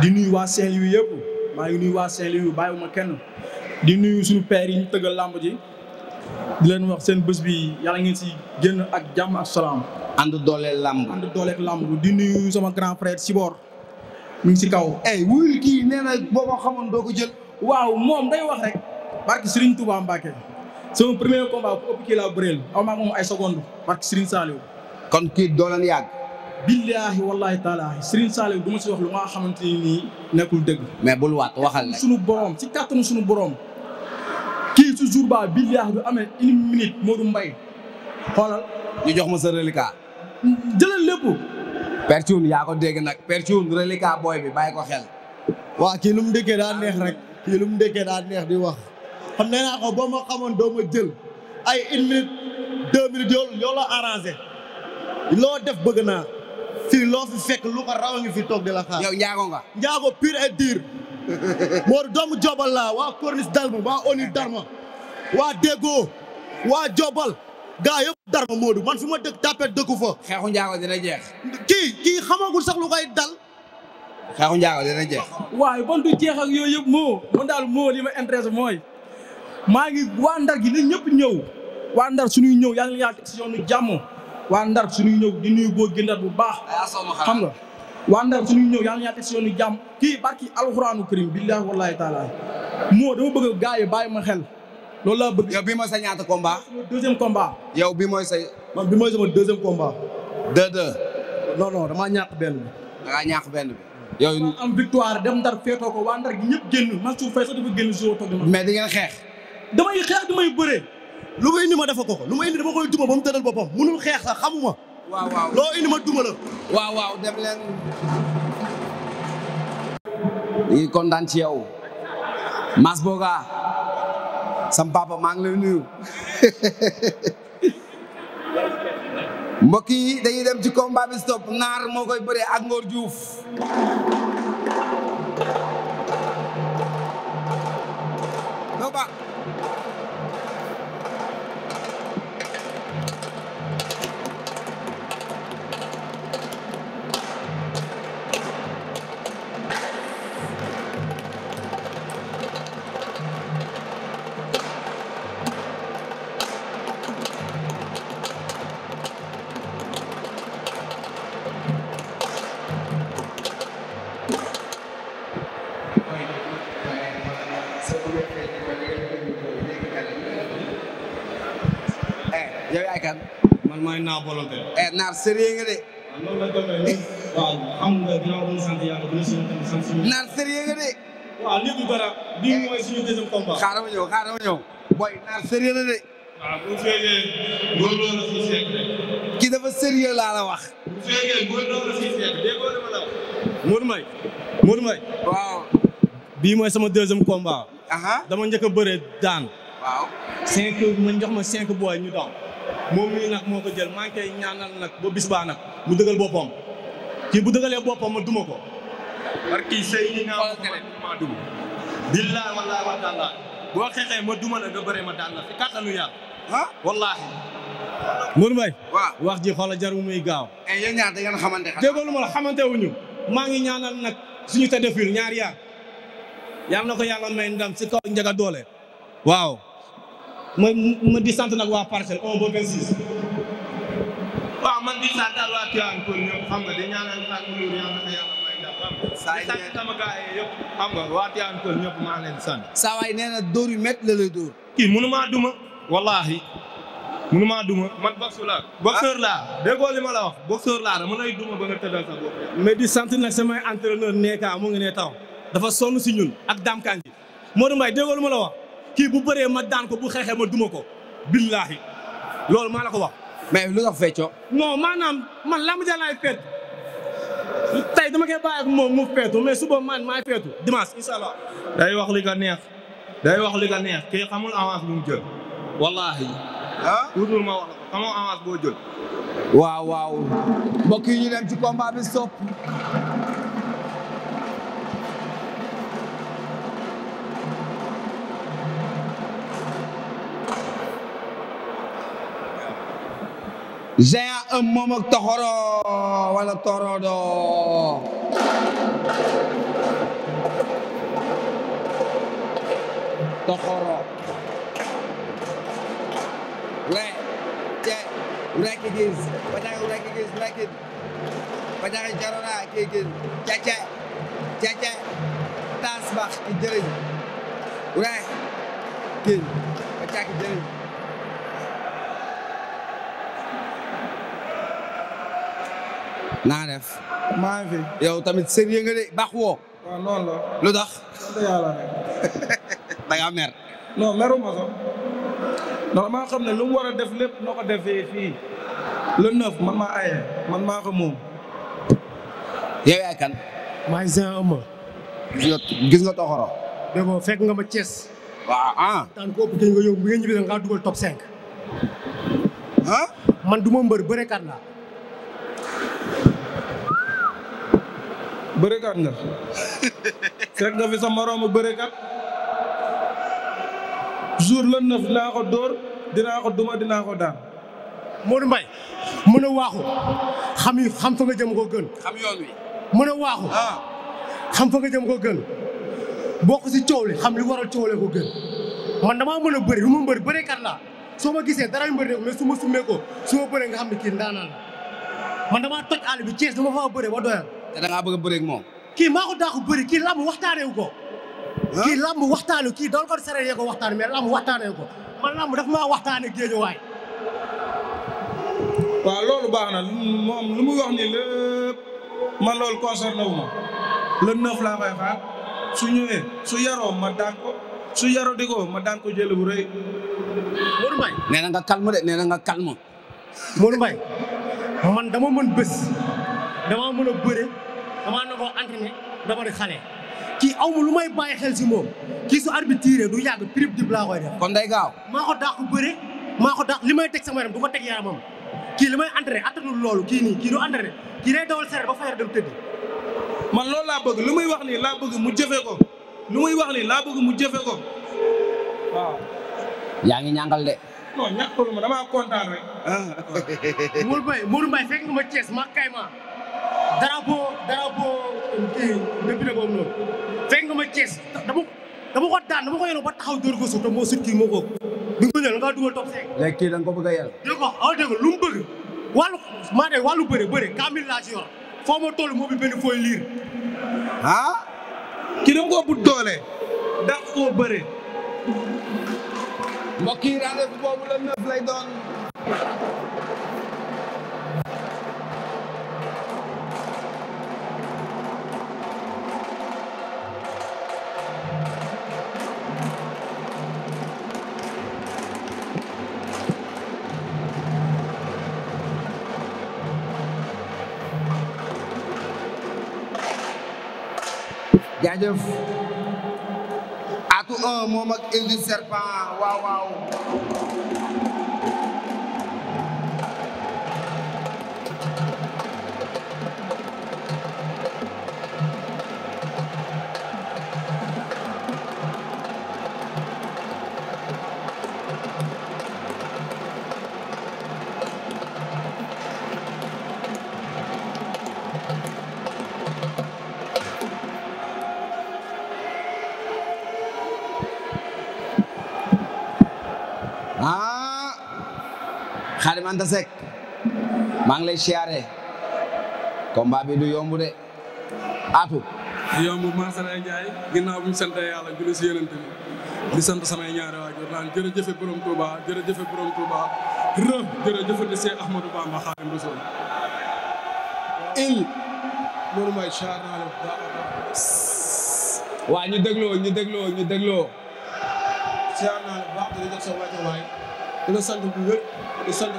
di nuyu waa Saint-Louis yëpp maa ngi nuyu waa Saint-Louis ma kenn di nuyu suñu père yi ñu tëggal làmb ji di leen wax seen bés bi yàlla ngeen si génn ak jàmm ak salaam. ànd dooleel làmb. ànd dooleel làmb di nuyu sama grand frère Sibor mu ngi si kaw. ay wuyul kii nee na boo ko xamoon doo ko jël. waaw moom day wax rek. barke Serigne Touba Mbacke. sama premier combat ku ëpp kii aw maa moom ay seconde barke Serigne Saliou. kon kii doo billaahi wallaahi taalaahi Serigne Saliou du ma si wax lu ma xamante ni nii nekkul dëgg. mais bul waat waxal rek suñu borom ci kàttanu suñu borom. kii su jour ba billaahi du amee une minute Modou Mbaye xoolal. ñu jox ma sa reliquat. jëlal lépp. Pertune yaa ko dégg nag Pertune reliquat booy bi bàyyi ko xel. waa kii lu mu dëkkee daa neex rek. kii lu mu dëkkee daa neex di wax. xam nee naa ko boo ma xamoon doo ma jël. ay une minute deux minutes yow yow la arrangé. loo def bëgg naa. fii loo fi fekk lu ko raw ngi fi toog di la xaar. yow njaago nga. njaago pur et dur. Modou doomu Jobal laa waa Corniche Dalma waa Oni Darma waa Déggo waa Jobal gaa yëpp Darma Modou man fi ma dëkk tapet dëkku fa. xeexu njaago dina jeex. kii kii xamagul sax lu koy dal. xeexu njaago dina jeex. waaye bon du jeex ak yooyu yëpp moo man daal moo li ma intéressé mooy maa ngi waa Ndar gi na ñëpp ñëw waa Ndar suñuy ñëw yaa ngi leen di yaatu si yoonu jàmm. waa ndar suñuy ñëw di nuyu boo gëndat bu baax xam nga waa ndar suñuy ñëw yàlla na teg si yoonu jàmm kii barki alxuraanu karim billaahi wallaahi taala moo dama bëgg gars yi bàyyi ma xel loolu laa bëgg yow bi mooy sa ñaata combat deuxième combat yow bi mooy sa man bi mooy sama deuxième combat deux deux damaa ñàkk benn bi dangaa ñàkk benn bi yow am victoire dem ndar feetoo ko waa ndar gi ñëpp génn Mansour Faye sax dafa génn so toog mais di ngeen xeex damay xeex damay bëree lu ma indi ma defa ko lu ma indi dama koy duma ba mu tëral boppam munul xeex sax xamuma waaw waaw loo indi ma duma waaw waaw dem leen ñu kontaan ci yow Mass Boga sam papa maa ngi lay nuyu mbokk yi dañuy dem ci combat bi stop naar moo koy bëree ak Ngor Diouf naa naar sérieux nga de. waaw la nga ginnaaw naar sérieux nga de. naar sérieux la de. kii dafa sérieux laa wax. bu fekkee bii mooy sama deuxième combat. dama njëkk a bëre daan. waaw. ma jox ma cinq booy ñu daan. moom mii nag moo ko jël maa koy ñaanal nag ba bis baa nag mu dëgal boppam kii bu dëgalee boppam ma duma ko barki Seydina ma duma billaay wallaay wa taala boo xeexee ma duma la nga bëre ma daan la fi kàttanu yàlla ah wallaahi Mourou wax ji xoola mu muy gaaw eh, yéen ñaar da ngeen xamante xamante wuñu maa ngi ñaanal nag suñu tëddee fil ñaari yaar yàlla na ko yàlla may ndam si kaw njaga doole waaw ma ma di sant nag waa parcelle un ba vingt six waaw man di sant daal waa Tivaouane Peulh yi sant sama gars yi nee na la lay dóor. kii mënumaa duma. wallaahi mënumaa duma. la wax. boxeur laa dama lay duma sant nag samay entraîneur Neka mu ngi ne taw dafa sonn si ñun ak Dame Kandji Modou Mbaye déggoo li ma la wax. kii bu bëree ma daan ko bu xeexee ma duma ko billaahi loolu maa la ko wax. mais lu tax feccoo. non maanaam man laa ma laay feet tey dama koy bàyyi ak moom mu feetu mais suba man maay feetu dimanche incha allah. day wax li neex day wax li ko neex kii xamul avance bu mu jël wallaahi. ah wutul ma wax xamoo avance boo jël. waaw waaw mbokk yi ñu dem ci combat bi GAM moom ak wala torodo toxoro we te rekigis bajang rekigis rekit bajang jarona kigin cece cece tasbax ki jëriñ we kin bajang ki jëriñ naa def. maa yow tamit sérieux nga de baax woo. lu tax. yàlla da ngaa mer. non meru ma sax. ndax maa ne lu mu def lépp noo ko defee fii. le neuf man maa aye man maa ko moom. yow yaay kan. ngi seen gis nga toxoro. déggoo fekk nga ma Thiès. waaw ah. daan ko ëpp tey nga yow bu ngeen ñibbi nga dugal top 5. ah. man du ma mbër bërekat laa. bërekat nga fekk nga fi sa moroomu bërekat jour le neuf dinaa ko dóor dinaa ko duma dinaa ko daan. Modou Mbaye mën a waaxu xam fa nga jëm ko gën. xam yoon wi. mën a waaxu. Ah. xam fa nga jëm ko gën. bokk si coow li xam li waral coow ko gën. man damaa mën a bëri lu ma mbër bërekat laa soo ma gisee dara mbër ne mais su ma summee ko su ma bëree nga xam ne kii ndaanaan la man damaa toj àll bi Thiès dama faa bëre ba doyal. te da ngaa bëgg a moom. kii maa ko daaku bëri kii làmb waxtaanee ko. kii làmb waxtaanu kii doon ko saree ko waxtaan mais làmb waxtaanee ko man làmb daf maa waxtaanee géejewaay. waaw loolu baax na moom lu mu wax ni lépp man loolu concerné wu ma le neuf laa koy su ñëwee su yaroo ma daan ko su yaroo di ko ma daan ko jël bu rëy. Modou Mbaye nee na nga calme de nee na nga calme. Modou Mbaye man dama mën bés. dama mën a bëre damaa nangoo entraîné dama di xale. kii aw ma lu may bàyyi xel si moom kii su arbitre du yàgg prip dib laa koy def. kon day gaaw maa ko dàq bëre maa ko dàq li may teg sama yaram du ko teg yaramam kii li may entraîné attanul loolu kii nii kii du entraîné kii day dawal sere ba fajar dem tëdd. man loolu laa bëgg lu may wax nii laa bëgg mu jëfe ko lu may wax nii laa bëgg mu jëfe ko waaw. yaa ngi ñàngal de. non ñàkkul ma damaa kontaan rek. Ah. Mourou Mbaye Mourou Mbaye fekk nga ma Thiès ma kay drapeau drapeau kii député boobu noonu fekk nga ma Thiès dama dama ko daan dama ko yoroon ba taxaw dóor ko suuf moo sut kii moo ko bi ko jël nga dugal topp seeg. léegi da nga ko bëgg a yàlla. dégg nga wax ah, dëgg lu mu bëgg wàllu maa de wàllu bëre bëre kaamil laa foo ma toll moo bi fooy liir. ah. kii da ko ëpp doole. dàq koo bëre. mbokk yi rendez boobu la neuf lay doon. jaajëf atu 1 moom ak Indi Serpent waaw waaw Ibrahima Anta Seck maa ngi lay siyaare combat bi du yomb de Atou. du yomb Maasalaay Njaay ginnaaw bi ñu sant yàlla julli si yonent bi di sant samay ñaari waajur naan jërëjëfe borom Touba jërëjëfe borom Touba rë jërëjëfe di Seex Ahmadou Bamba Xaadimu Rasuul il siyaar naa la waaw ñu dégloo ñu dégloo ñu siyaar naa la baax di jox waay di la sant bu wér di sant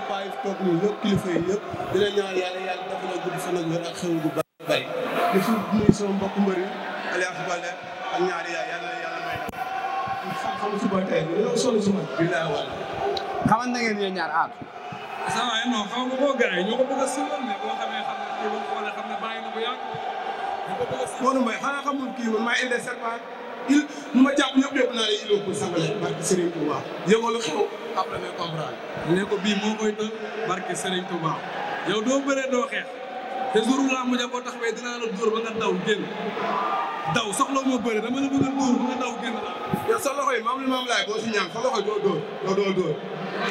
mbokk mbëri Alioune Balde ñaar aar sa waay non xaw ma koo ñoo ko bëgg a siiwal ne kii ba xamul kii man maa indi serpent nu ma jàpp ñëpp yóbbu naa leen yóbbu sangale barke Serigne Touba yëngalu xew après nga comprendre. ne ko bii moo koy barke Serigne Touba yow doo bëree doo xeex te jour làmb ja boo tax bee dinaa la dóor ba nga daw génn. daw soxla moo bëri dama la bëgg a dóor nga daw génn la. yow sa loxo yi maam li maam laay boo si ñaan sa loxo doo dóor doo doo dóor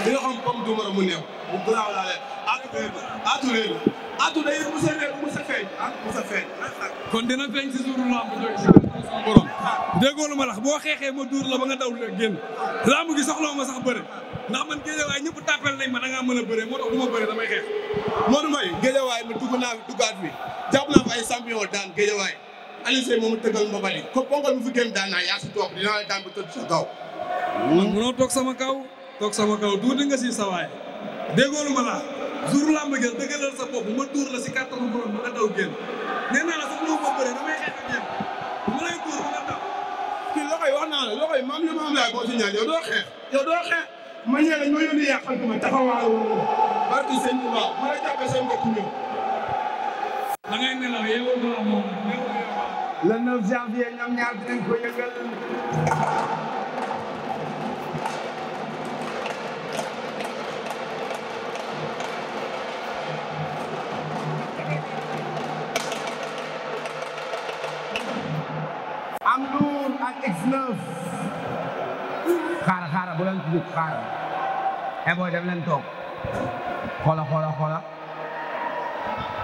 li nga xam comme du mën a mu neew bu garaaw laa leen atu réer la atu réer la atu day bu sa réer bu sa feeñ ah bu sa feeñ kon dina feeñ si suuru lamb jooju si sama borom déggoo lu ma lax boo xeexee ma dóor la ba nga daw la génn lamb gi soxla ma sax bëri ndax man géejawaay ñëpp tàppal nañ ma da ngaa mën a bëree moo tax du ma bëri damay xeex Modou Mbaye géejawaay ma dugg naa fi duggaat fi jàpp naa fi ay champion daan géejawaay Alioune Seye moomu tëggal Mbappali ko ponkal mu fi gën daan naa yaa si toog dinaa la daan ba tëdd sa kaw. man munoo toog sama kaw toog sama kaw tuuti nga si sawaay déggoo lu ma la jour làmb gi dëggalal sa bopp ma tuur la si kàttanu borom ba nga génn nee naa la sax ñoo ko bëree damay xeex ak yéen ma lay tuur ba nga daw. kii loxo yi wax naa la loxo yi maam li maam laay boo si ñaan yow doo xeex yow doo xeex man ñee la ñoo yónni yàqal ma taxawaayu barki sëñ la ngay nelaw yeewoo ko moom le 9 janvier ñoom ñaar dinañ ko yëngal am Ndour ak X9 xaara xaara bu leen tudd xaara e eh booy dem leen toog xoola xoola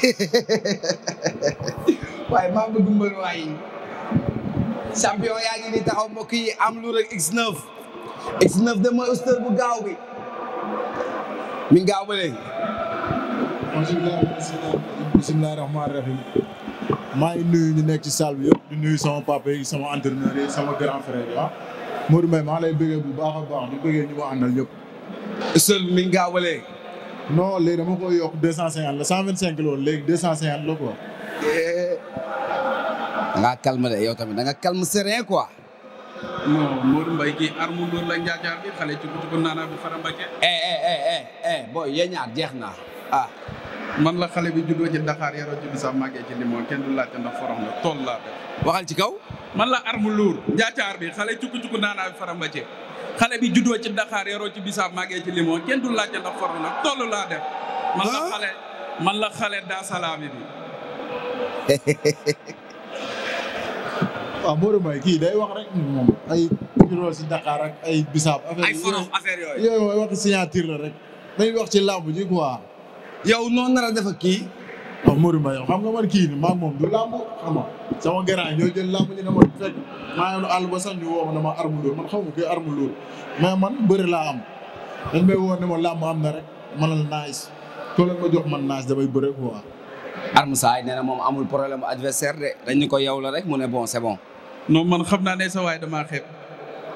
waaye maa bëgg mbër waay champion yaa ngi ni taxaw mbokk yi am lu rek X9 X9 bu gaaw bi mi gaaw ba léegi bismillahi rahmaani rahim maa ngi nuyu ñu nekk ci salle bi yëpp di nuyu sama papa yi sama entraîneur sama grand frère yi ah Modou Mbaye maa lay bëggee bu baax a baax di bëggee ñu ma àndal ñëpp usteur bi gaaw ba non léegi dama koy yokk deux cent cinquante la cent vingt cinq la woon léegi deux cent cinquante la quoi. da eh, ngaa calme de yow tamit da nga calme serein quoi. mbay gi Mbaye kii arme Ndour la njaajaar bi xale ci ko naanaa bi Fara Mbacke. eh eh eh, eh, eh booy yéen ñaar jeex na ah. man la xale bi juddoo ci Dakar yaroo ci Bissau màggee ci Limon kenn du laajte ndax forom la tool laa def. waxal ci kaw. man la arme Ndour njaajaar bi xale ci ko naanaa bi Fara xale bi juddoo ci Dakar yaroo ci bisaab màggee ci limon kenn du laajte ndax forme nag toll laa man la ah? xale man la xale daa kii day wax rek moom ay juddoo si Dakar ay bisaab. ay yooyu yooyu mooy wax signature la rek. dañuy wax ci làmb ji quoi. yow noo nar kii. waaw Modou Mbaye xam nga man kii ni maa moom du làmb xam nga sama garaay ñoo jël làmb ñu ne ma fekk maa ba sax ñu woo ma ne ma arme loolu man xaw ma koy arme loolu man bëri laa am dañ may woo ne ma làmb am na rek man la naaj soo leen ma jox man naaj damay bëre quoi. Arme Saay nee na moom amul problème adversaire de dañ ni ko yow la rek mu ne bon sebon no man xam na ne sa waay dama xeeb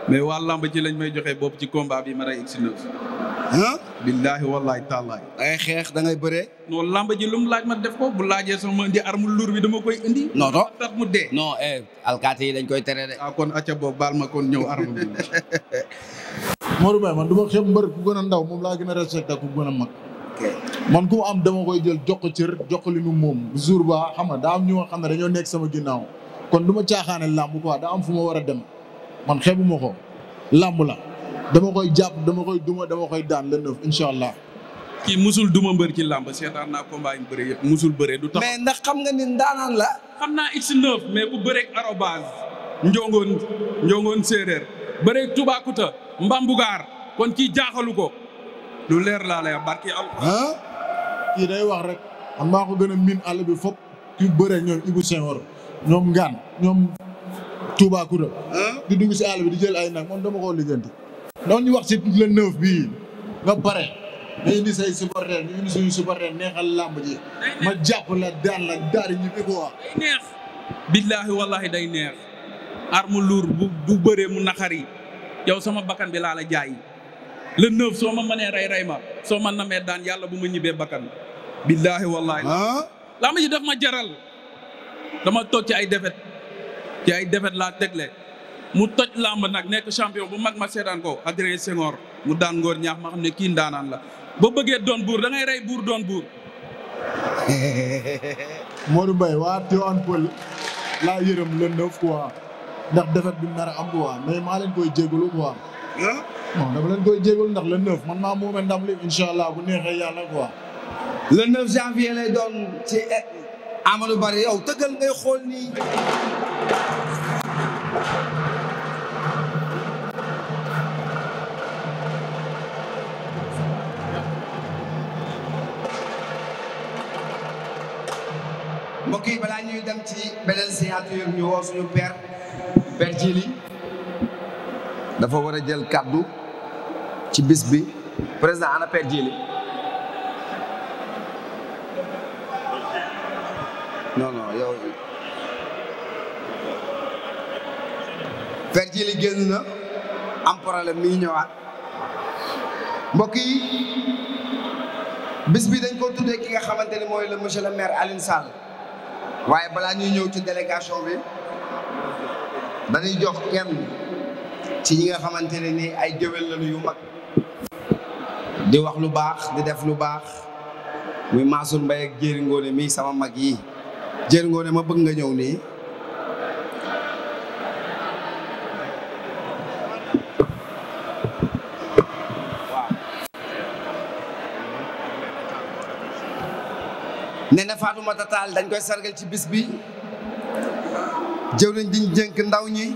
mais waa làmb ji lañ may joxe bopp ci combat bi ma rey X9. ah billaahi wallaahi taalaay dangay xeex dangay ngay bëree lamba làmb ji lu mu laaj ma def ko bu laajee sama indi arme luur bi dama koy indi non non tax mu dee non eh alkaati yi dañ koy tere de ah kon acca boobu baal ma kon ñëw arme bi Modou Mbaye du ma xeeb mbër a ndaw moom laa gën a respecté ku gën a mag man ku am dama koy jël jox ko cër jox li mu moom jour ba xam nga daa am ñu nga xam ne dañoo nekk sama ginnaaw kon duma ma caaxaane làmb quoi daa am fu ma war a dem man xeebu ma ko làmb la dama koy jàpp dama koy duma dama koy daan le neuf incha allah. kii musul duma mbër ci làmb seetaan na combat yi bëri yëpp musul bëre du tax. mais ndax xam nga ni ndaanaan la. xam naa X9 mais bu bëreeg arobase njongoon njongoon séeréer bëreeg Toubacouta Mbambugaar kon kii jaaxalu ko lu leer laa lay barki am. ah kii day wax rek am maa ko gën a miin àll bi fop ki bëre ñoom Ibou Senghor ñoom Ngaan ñoom Toubacouta. di dugg si àll bi di jël ay nag man dama koo lijjanti. noonu ñu wax si le bii nga pare nga indi say supporter ñu indi suñu supporter neexal làmb ji ma jàpp la daan la daari ñu bi ko wax day neex billaahi wallaahi day neex arme luur bu bëree mu naqari yow sama bakkan bi laa la jaay le neuf soo ma mënee rey rey ma soo ma namee daan yàlla bu ma ñibbee bakkan billaahi wallaahi ah? làmb ji def ma jaral dama toog ci ay defet ci ay defet laa tegle mu toj làmb nag nekk champion bu mag ma seetaan ko Adrien Senghor mu daan ngóor ñaax ma xam ne kii ndaanaan la boo bëggee doon buur da ngay rey buur doon buur. Modou Mbaye waa Tivaouane Peulh laa yërëm le neuf ndax defet bi nar a am quoi mais maa leen koy jégalu quoi. non ndax le man maa moome ndam li allah bu neexee yàlla quoi. le 9 janvier doon ci eh, Amadou Bari yow tëggal ngay xool nii. mbokk yi balaa ñuy dem ci beneen signature ñu woo suñu père père Djili dafa war a jël kàddu ci bis bi président ana père Djili non non yow père Djili na am problème mi ñëwaat mbokk yi bi dañ ko tuddee ki nga xamante ni mooy la monsieur le maire Alioune Sall waaye balaa ñuy ñëw ci délégation bi dañuy jox kenn ci ñi nga xamante ne ni ay jëwel la yu mag di wax lu baax di def lu baax muy Mansour Mbaye ak Jéeri Ngoone mii sama mag yi Jéeri Ngoone ma bëgg nga ñëw nii nee na Fatoumata Tall dañ koy sargal ci bis bi jëwriñ diñ jënk ndaw ñi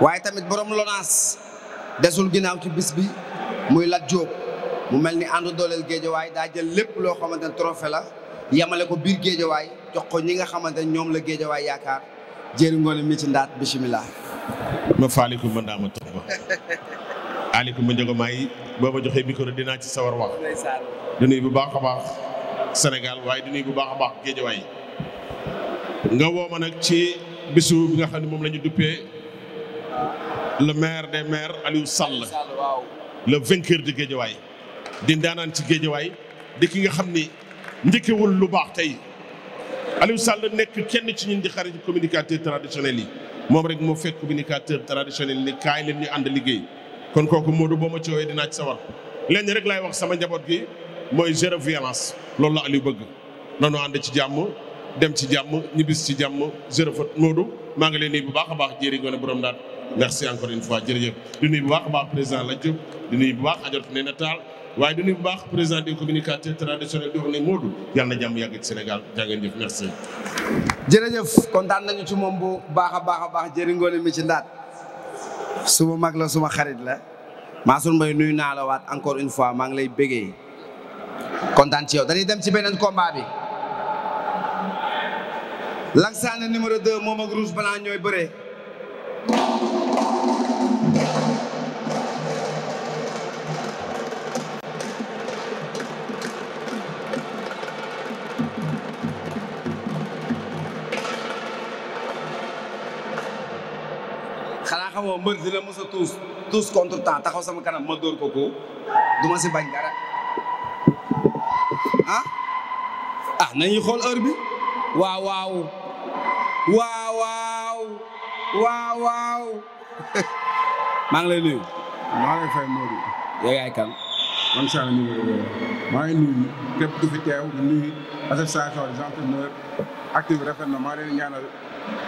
waaye tamit borom Lonase desul ginnaaw ci bis bi muy Lat Diop mu mel ni àndu dooleel Géejawaay daa jël lépp loo xamante ne trophée la yemale ko biir Géejawaay jox ko ñi nga xamante ne ñoom la Géejawaay yaakaar jëri ngoone mi ci ndaat bisimilah. ma faaliku mën naa ma toog ma aliku ma njëgo maay dinaa ci sawar wax du nuyu bu baax baax Sénégal waaye di nuyu bu baax a baax géejawaay nga woo ma nag ci bisu bi nga xam ne moom la ñu duppee le maire des maires Aliou Sall le vainqueur de géejawaay di ndaanaan ci géejawaay di ki nga xam ni njëkkewul lu baax tey Aliou Sall nekk kenn ci ñun di xarit communicateur traditionnel yi moom rek moo fekk communicateur traditionnel ni kaay leen ñu ànd liggéey kon kooku Modou boo ma coowee dinaa ci sawar leen rek laay wax sama njaboot gi mooy zéro violence loolu la Aliou bëgg nanu ànd ci jàmm dem ci jàmm ñibbis ci jàmm zéro faute Modou maa ngi leen nuyu bu baax a baax jëri ngoone borom daal merci encore une fois jërëjëf di nuyu bu baax a baax président la Diop di nuyu bu baax ajot na taal waaye bu baax président des communicateurs traditionnels di wax ne Modou yàlla na jàmm yàgg ci Sénégal jërëjëf kontaan nañu ci moom bu baax a baax a baax jëri mi ci ndaat suma mag la suma xarit la maa Mansour Mbaye nuyu naa la waat encore une fois maa ngi lay bégee. kontaan ci yow dañuy dem ci beneen combat bi. Langsana numéro 2 moom ak Rouge Blanc ñooy bëree. xanaa xamoo mbër dina mos a tuus tuus contre temps taxaw sama kanam ma dóor ko ko du ma si bañ dara. Ah? ah nañu nañuy xool heure bi waawaaw waaw waaw waaw maa ngi lay nuyu. maa ngi lay fay Modou. yaay kan. man saa la nuyu maa ngi nuyu képp ku fi teew di nuyu association des entraîneurs active rafet na maa leen ñaana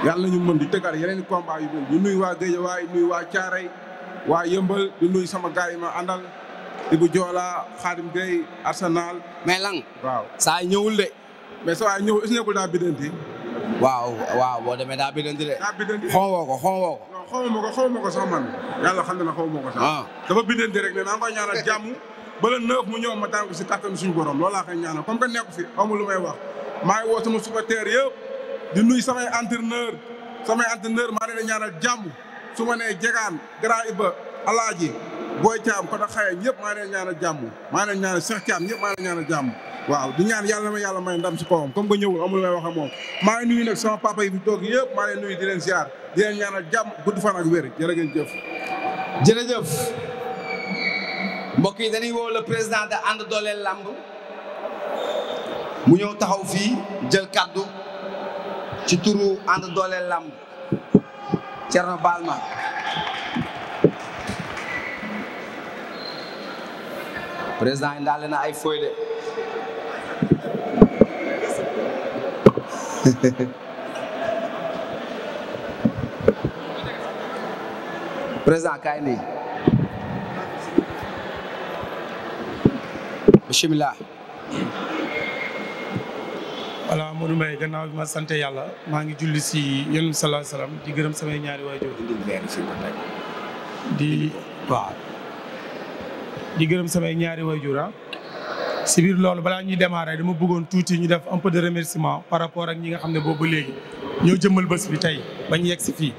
yàlla nañu mën di tëggaat yeneen i combat yu mel di nuyu waa Guédiawaye nuyu waa Thiaroye waa Yëmbal di nuyu sama gars yi ma àndal. Ibou Joola Xaadim Gueye Arsenal. mais lang waaw saa ñëwul de. mais saa ñëw est-ce que nekkul daa bidanti. waaw waaw boo demee daa bidanti de. daa bidanti xawoo ko xawoo ko. non xawuma ko xawuma ko sax man yàlla xam na ne xawuma ko sax. Ah. dafa bidanti rek ne naa koy ñaanal jàmm. ba le neuf mu ñëw ma tànk si kattan suñu borom loolaa koy ñaanal comme que nekku fi amul lu may wax. maa ngi woo sama supporters yëpp di nuy samay entraîneur samay entraîneur maa ngi leen di ñaanal jàmm su ma nee Jegaan Grand Iba Alaaji booy caam ko da xaye ñëpp maa leen ñaan a jàmm maa leen ñaan Cheikh Thiam ñëpp maa leen ñaan a waaw di ñaan yàlla na yàlla may ndam si kawam comme que ñëwul amul may wax ak moom maa ngi nuyu nag sama papa yi fi toog yëpp maa leen nuyu di leen ziar di leen ñaanal jàmm gudd fan ak wér jërë ngeen jëf jërëjëf mbokk yi dañuy woo le président de ànd dooleel làmb mu ñëw taxaw fii jël kaddu ci turu ànd dooleel làmb Thierno Balma président indaale na ay fooy de président a nii bisimilah. voilà Modou Mbaye gannaaw bi ma sant yàlla maa ngi julli si yéen salaam di gërëm samay ñaari waajur di waaw. di gërëm samay ñaari waajur ah. si biir loolu balaa ñuy démarrer dama bëggoon tuuti ñu def un peu de remerciement par rapport ak ñi nga xam ne boobu léegi ñoo jëmmal ba bi tey ba ñu yegg si fii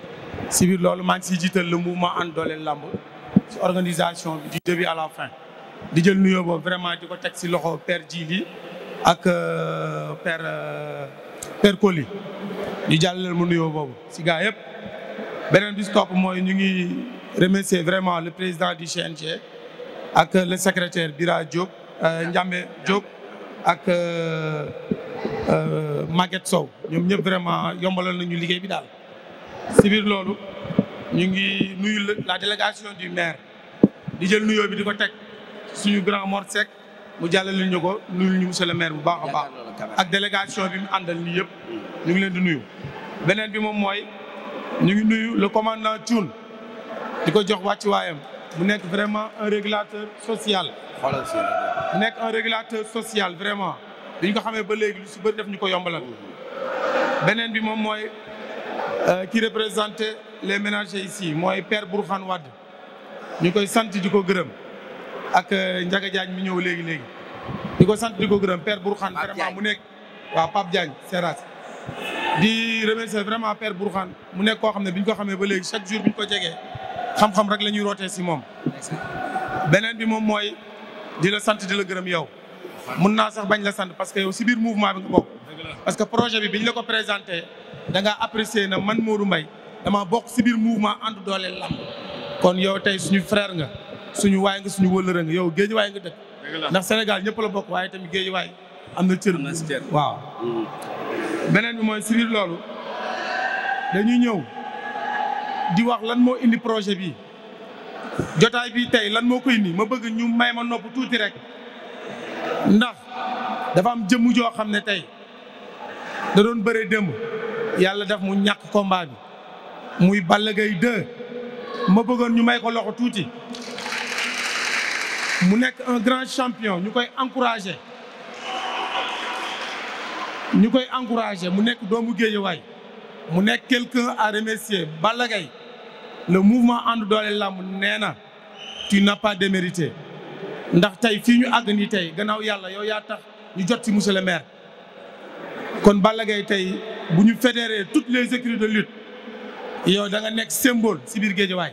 si biir loolu maa ngi siy jiital le mouvement And Dooleel Lamb si organisation bi du début à la fin di jël nuyoo boobu vraiment di ko teg si loxo père Djili ak euh, père euh, père Koli ñu jàllale mu nuyoo boobu si gaa yëpp beneen bis topp mooy ñu ngi remercier vraiment le président du CNG. ak euh, le secrétaire Bira Diop euh, Ndiambe jóg ak euh, Maguette Sow ñoom ñëpp vraiment yombalal nañu liggéey bi daal si biir loolu ñu ngi nuyu la délégation du maire di jël nuyoo bi di ko teg suñu grand Mor Seck mu lu ñu ko nuyu ñu monsieur le maire bu baax a baax ak délégation bi mu àndal nii yëpp ñu ngi leen di nuyu. beneen bi moom mooy ñu ngi nuyu le commandant Thioune di ko jox wàccuwaayam. mu nekk vraiment un régulateur social. xoolal si nekk un régulateur social vraiment. bi ko xamee ba léegi lu si bëri def ñu ko yombalal. Mmh. beneen bi moom mooy ki euh, représenté les ménagers ici mooy père Bourkhane Wade ñu koy santi di ko gërëm ak euh, Ndiaga Diagne mu ñëw léegi léegi. ñu ko sant di ko gërëm père Bourkhane. vraiment mu nekk waaw Pape Diagne Seras. di remercier vraiment père Bourkhane mu nekk koo xam ne bi ko xamee ba léegi chaque jour bi ko jegee xam-xam rek la ñuy rootee si moom. beneen bi moom mooy di la sant di la gërëm yow. mun naa sax bañ la sant parce que yow si biir mouvement bi nga bokk. parce que projet bi biñ la ko présenté da nga apprécier na man mooru Mbaye dama bokk si biir mouvement ànd dooleel lamb kon yow tey suñu frère nga suñu waay nga suñu wëllëre nga yow géej waay nga dëkk. ndax Sénégal ñëpp la bokk waaye tamit géej waay am na cër. waaw mm. beneen bi mooy si biir loolu dañuy ñëw. di wax lan moo indi projet bi jotaay bi tey lan moo ko indi ma bëgg ñu may ma nopp tuuti rek ndax dafa am jëmm joo xam ne tey da doon bëre démb yàlla def mu ñàkk combat bi muy Balla Gaye 2 ma bëggoon ñu may ko loxo tuuti mu nekk un grand champion ñu koy encouragé ñu koy encouragé mu nekk doomu Géejawaay mu nekk quelqu'un à remercier Balla Gaye le mouvement ànd doole làmb nee na tu n'as pas ndax tey fii ñu àgg nii tey gannaaw yàlla yow yaa tax ñu jot ci monsieur le maire kon Balla Gaye tey bu ñu fédérer toutes les écuries de lutte yow da nga nekk symbole si biir géejawaay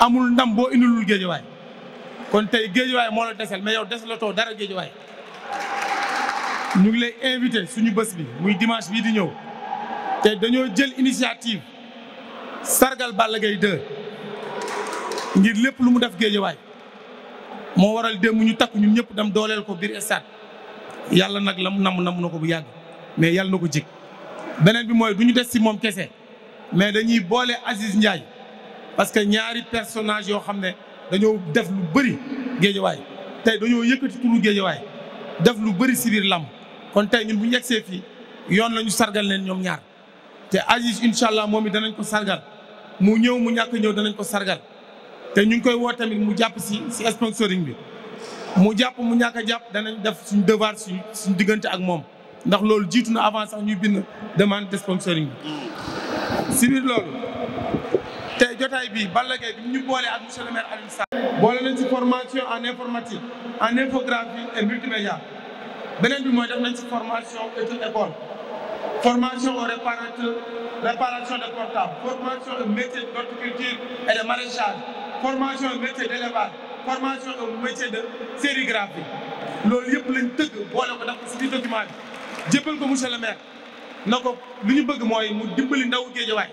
amul ndam boo indilul géejawaay kon tey géejawaay moo la desel mais yow too dara géejawaay ñu ngi lay invité suñu bés bi muy dimanche bii di ñëw te dañoo jël initiative sargal bala Gaye 2 ngir lépp lu mu def géejawaay moo waral démb ñu takk ñun ñëpp dem dooleel ko biir stade yàlla nag la mu namm namm ko bu yàgg mais yàlla na ko jig beneen bi mooy du ñu des ci moom kese mais dañuy boole Aziz Ndiaye parce que ñaari personnage yoo xam ne dañoo def lu bëri géejawaay tey dañoo yëkkati turu géejawaay def lu bëri ci biir làmb kon tey ñun bu ñekk yegsee fii yoon la ñu sargal leen ñoom ñaar te Aziz incha allah moom it danañ ko sargal mu ñëw mu ñàkk ñëw danañ ko sargal te ñu ngi koy woo tamit mu jàpp si si sponsoring bi mu jàpp mu ñàkk jàpp danañ def suñ devoir suñ suñ diggante ak moom ndax loolu jiitu na avant sax ñu bind demande de sponsoring bi si biir loolu te jotaay bi Balla Gaye bi ñu boolee ak monsieur le maire Alioune Sarr boole nañ ci formation en informatique en infographie et multimédia beneen bi mooy def nañ ci formation étude formation aux réparateurs, réparation de portables, formation au métier d'horticulture et de maraîchage, formation au métier d'élevage, formation au métier de sérigraphie. loolu yëpp lañ tëgg boole ko def ci document bi jébbal ko monsieur le maire na ko lu ñu bëgg mooy mu dimbali ndawu géejawaay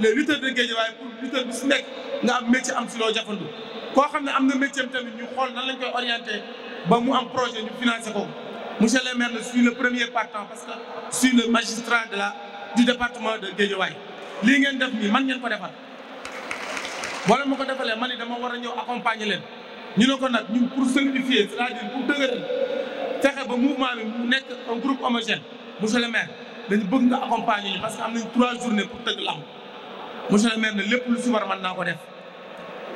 les lutteurs de géejawaay pour lutteur bi si nekk nga am métier am si loo jafandu koo xam ne am na métier tamit ñu xool nan lañ koy orienté ba mu am projet ñu financé ko. monsieur le maire je suis le premier partant parce que je suis le magistrat de la di département de Guédiawaye lii ngeen def nii man ngeen ko defal wala ma ko defalee man ni dama war a ñëw accompagner leen ñu ne ko nag ñun pour solidifier c'est-à-dire pour dëgëral fexe ba mouvement bi mu nekk un groupe homogène monsieur le maire dañu bëgg nga accompagner ñu parce que am nañ trois journées pour tëgg lamb monsieur le maire ne lépp lu si war man naa ko def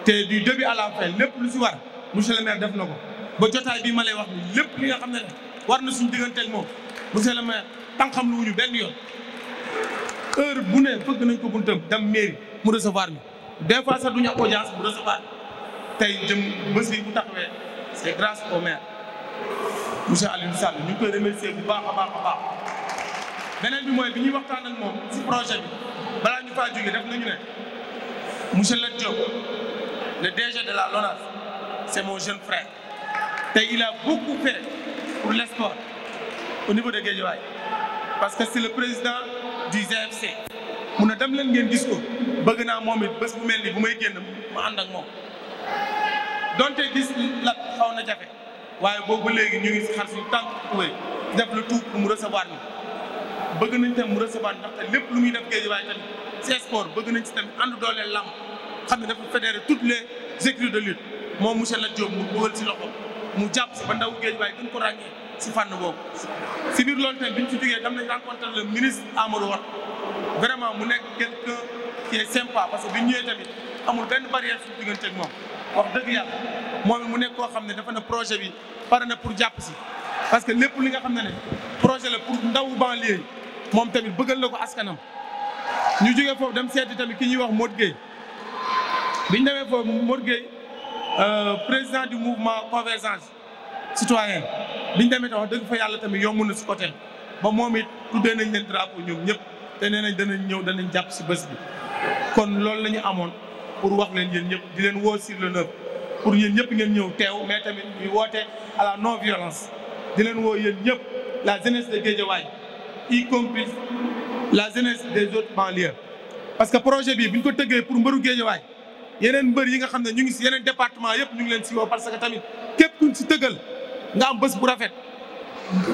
te di début à la fin lépp lu si monsieur le maire def na ko ba jotaay bii ma lay wax ni li nga xam ne war na suñu digganteeg moom monsieur le maire tànqam lu wuñu benn yoon heure bu ne fëgg nañ ko buntam dem mairie mu recevoir ñu des fois sax duñu am audience mu recevoir tey jëm bés yi bu taxawee c'est grâce au maire monsieur Alioune Sall ñu ngi koy remercier bu baax a baax a baax beneen bi mooy bi ñuy waxtaan ak moom si projet bi balaa ñu faa jógee def nañu ne monsieur Lat Diop le DG de la LONASE c'est mon jeune frère tey il a beaucoup fait pour le sport au niveau de Guédiawaye parce que c'est le président du GFC mun a dem leen ngeen gis bëgg naa moom it bés bu mel ni bu may génn ma ànd ak moom donte gis la xaw na jafe waaye boobu léegi ñu ngi xar suñu tànk wéy def le tout pour mu recevoir ni bëgg nañ tam mu recevoir ndaxte lépp lu muy def Guédiawaye tamit ci sport bëgg nañ ci tamit ànd dooleel lamb xam ne dafa fédérer toutes les écuries de lutte moom monsieur la Diop mu dugal ci loxo mu jàpp si ba ndaw géej waaye gën ko ràññee si fànn boobu. si biir loolu tamit bi ñu fi jógee dam nañ rencontré le ministre Amadou Wat vraiment mu nekk quelqu'un qui est sympa parce que bi ñëwee tamit amul benn barrière suñu diggante moom wax dëgg yàlla moom mu nekk koo xam ne dafa na projet bi pare na pour jàpp si parce que lépp li nga xam ne ne projet la pour ndawu banlieue moom tamit bëggal la ko askanam ñu jógee foofu dem seeti tamit ki ñuy wax Modou Gueye biñ demee foofu Euh, président du mouvement convergence citoyenne biñ demee tam wax dëgg fa yàlla tamit yomb na si côté ba moom it tuddee nañ ñeent drapeau ñoom ñëpp te nee danañ ñëw danañ jàpp si bés bi. kon loolu la ñu amoon pour wax leen yéen ñëpp di leen woo sur le pour yéen ñëpp ngeen ñëw teew mais tamit ñuy woote à la non violence di leen woo yéen ñëpp la jenesse de Guédiawaye i compris la jeunesse des autres banlieues parce que projet bi bu ñu ko tëggee pour mbëru Guédiawaye yeneen mbër yi nga xam ne ñu ngi si yeneen département yëpp ñu ngi leen si woo parce que tamit képp kuñ si tëggal nga am bés bu rafet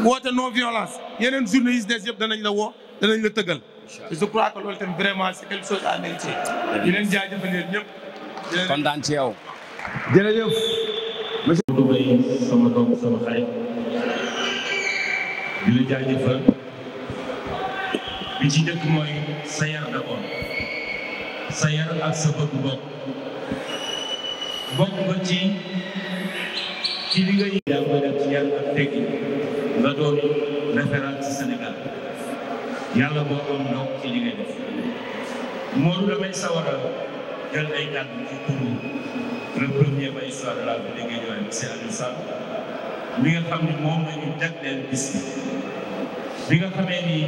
woote noo violence yeneen journée yi des yëpp danañ la woo danañ la tëggal je crois que loolu vraiment c'est quelque chose à mériter di leen jaajëfal yéen ñëpp kontaan ci yow jërëjëf monsieur Dubay sama doom sama xarit di la ci njëkk mooy sa yar d'abord sa yar ak sa bëgg bopp bokk nga ci ci li nga jàngale ci yar ak teggi nga doon référence Sénégal yàlla boo am ndox ci li nga def moo damay sawara jël ay kàddu ci turu le ba histoire la bi dégg nga xam ni moom la ñu jagleel bis bi nga xamee ni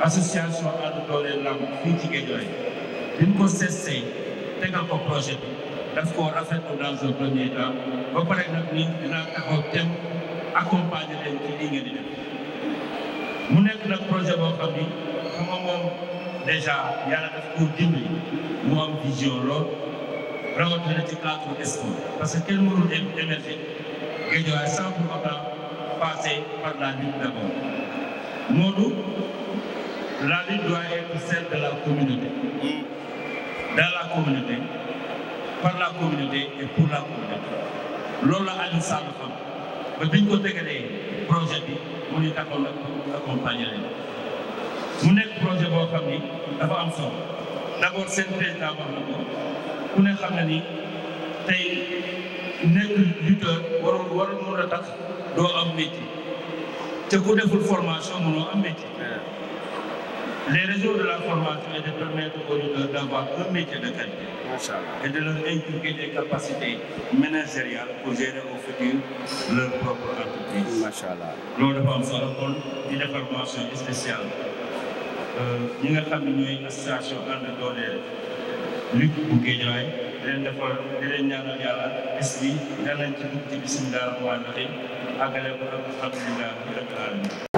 association ànd dooleel làmb fii ci Guédiawaye bi ñu ko seesee tegal ko projet daf koo rafetlu dans un premier temps ba pare nag ni dinaa taxaw tem accompagner leen lii ngeen di def mu nekk nag projet boo xam ni xam moom déjà yàlla daf koo dimbali mu am lool rawatina ci cadre sport parce que kenn mënul émerger Guédiawaye sans pour autant passer par la lutte d'abord Modou la lutte doit être celle de la communauté mm. dans communauté par la communauté et pour la communauté loolu la Aliou Sall xam ba biñ ko tegalee projet bi mu ngi taxaw nag pour accompagner leen mu nekk projet boo xam ni dafa am solo d'abord seen président wax na ko ku ne xam na a tax doo am métier te ku deful formation mënoo am métier. les réseaux de la formation et de permettre aux lutteurs d'avoir un métier de qualité. et de leur inculquer des capacités managériales pour gérer au futur leur propre entreprise. macha allah loolu dafa am solo kon di defar formation spéciale euh, ñi nga xam ne ñooy association ànd dooleel lutte bu Guédiawaye di leen defar di leen ñaanal yàlla bis bi danañ ci dugg ci bisimilah rahmaani rahim àggale ko ak alhamdulilah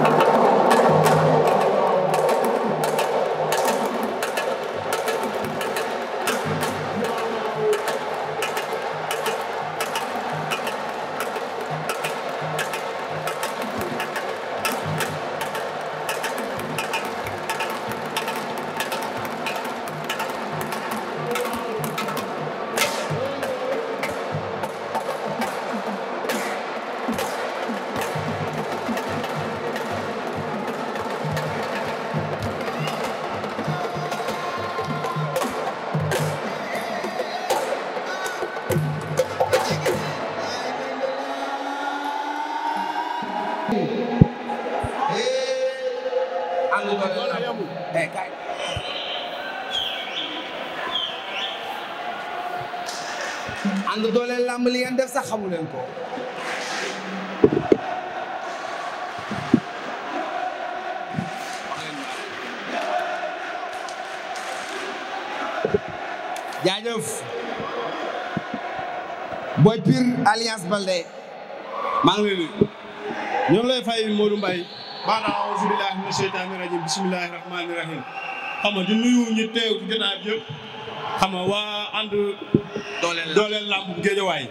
defu leen ko jaajëf Boy Pire Alliance Baldé maa ngi lay nuyu ñoo ngi lay fay Modou Mbaye maanaam auzu billahi mina sheytaani rajim rahim xam nga nuyu ñu teew ci jotaay bi yëpp xam waa ànd dooleel làmb Géejawaay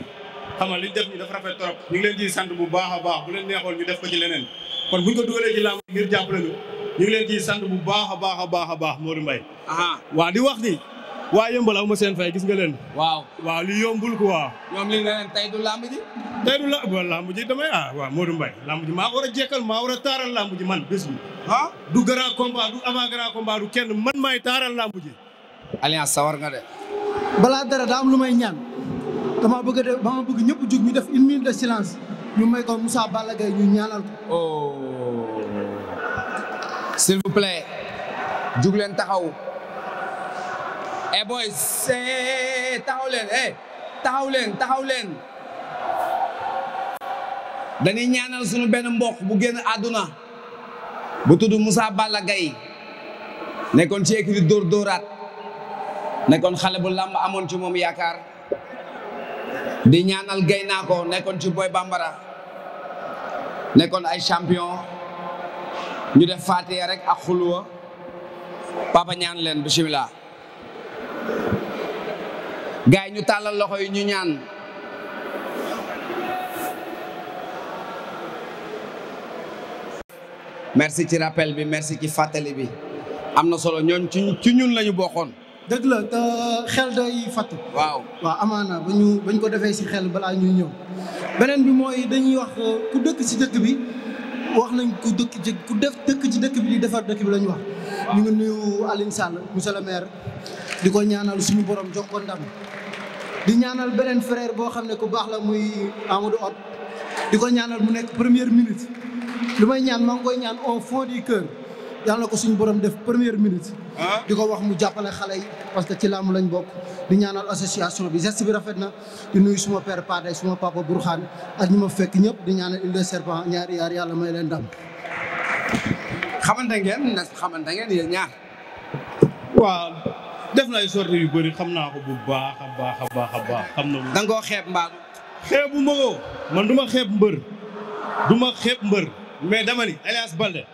xam nga li def ñu dafa rafet trop ñu ngi leen ji sant bu baax a baax bu leen neexoon ñu def ko ci leneen kon buñ ko dugalee ci làmb ngir jàppale ñu ñu ngi leen ciy sant bu baax a baax a baax a baax Modou Mbaye waa di wax ni waa yëmbal aw ma seen fay gis nga leen waaw waaw li yombul quoi ñoom li nga leen tey du làmb ji tey du làmb waaw làmb ji damay ah waaw Modou Mbaye làmb ji maa war a jekkal maa war a taaral làmb ji man bis bi ah du grand combat du avant grand combat du kenn man maay taaral làmb ji alliance sawar nga de balaa dara lu may ñaan dama bëgg def dama bëgg ñëpp jug ñu def une minute de silence ñu may ko Moussa Balla Gaye ñu ñaanal ko. oh s'il vous plaît. jug taxaw. eh boy see taxaw leen eh taxaw leen taxaw leen. dañuy ñaanal suñu benn mbokk bu génn àdduna bu tudd Moussa Balla Gaye nekkoon ci écurie dóor dóoraat nekkoon xale bu làmb amoon ci moom yaakaar. di ñaanal Gaynako nekkoon ci Boy Bambara nekkoon ay champion ñu def fatiya rek ak xulwa papa ñaan leen bismillah gars yi ñu tàllal loxo yi ñu ñaan mersi ci rappel bi mersi ci fàttali bi am na solo ñooñ ci ñun lañu bokkoon dëgg la te xel day fàttu. waaw waaw amaana ba ñu ba ñu ko defee si xel balaa ñuy ñëw. beneen bi mooy dañuy wax euh, ku dëkk si dëkk bi wax nañ ku dëkk ci ku def dëkk ci dëkk bi di defar dëkk bi la wax. ñu ngi nuyu Alioune Sall monsieur le maire di ko ñaanal suñu borom jox ko di ñaanal beneen frère boo xam ne ku baax la muy Amadou Hott di ko ñaanal mu nekk première ministre lu may ñaan maa ngi koy ñaan au fond di cœur. yàlla na ko suñu borom def première minute. Ah. di ko wax mu jàppale xale parce que ci làmb lañ bokk. di ñaanal association bi geste bi rafet na di nuyu suma père Paday suma papa Burxaan ak ñu ma fekk ñëpp di ñaanal Île des Serpents ñaari yaar yàlla may leen dam xamante ngeen na xamante ngeen yéen ñaar. def na ay sorties xam naa ko bu baax a baax a baax a baax xam na. da nga koo xeeb mbaam. xeebu ma ko mais dama Elias Balde.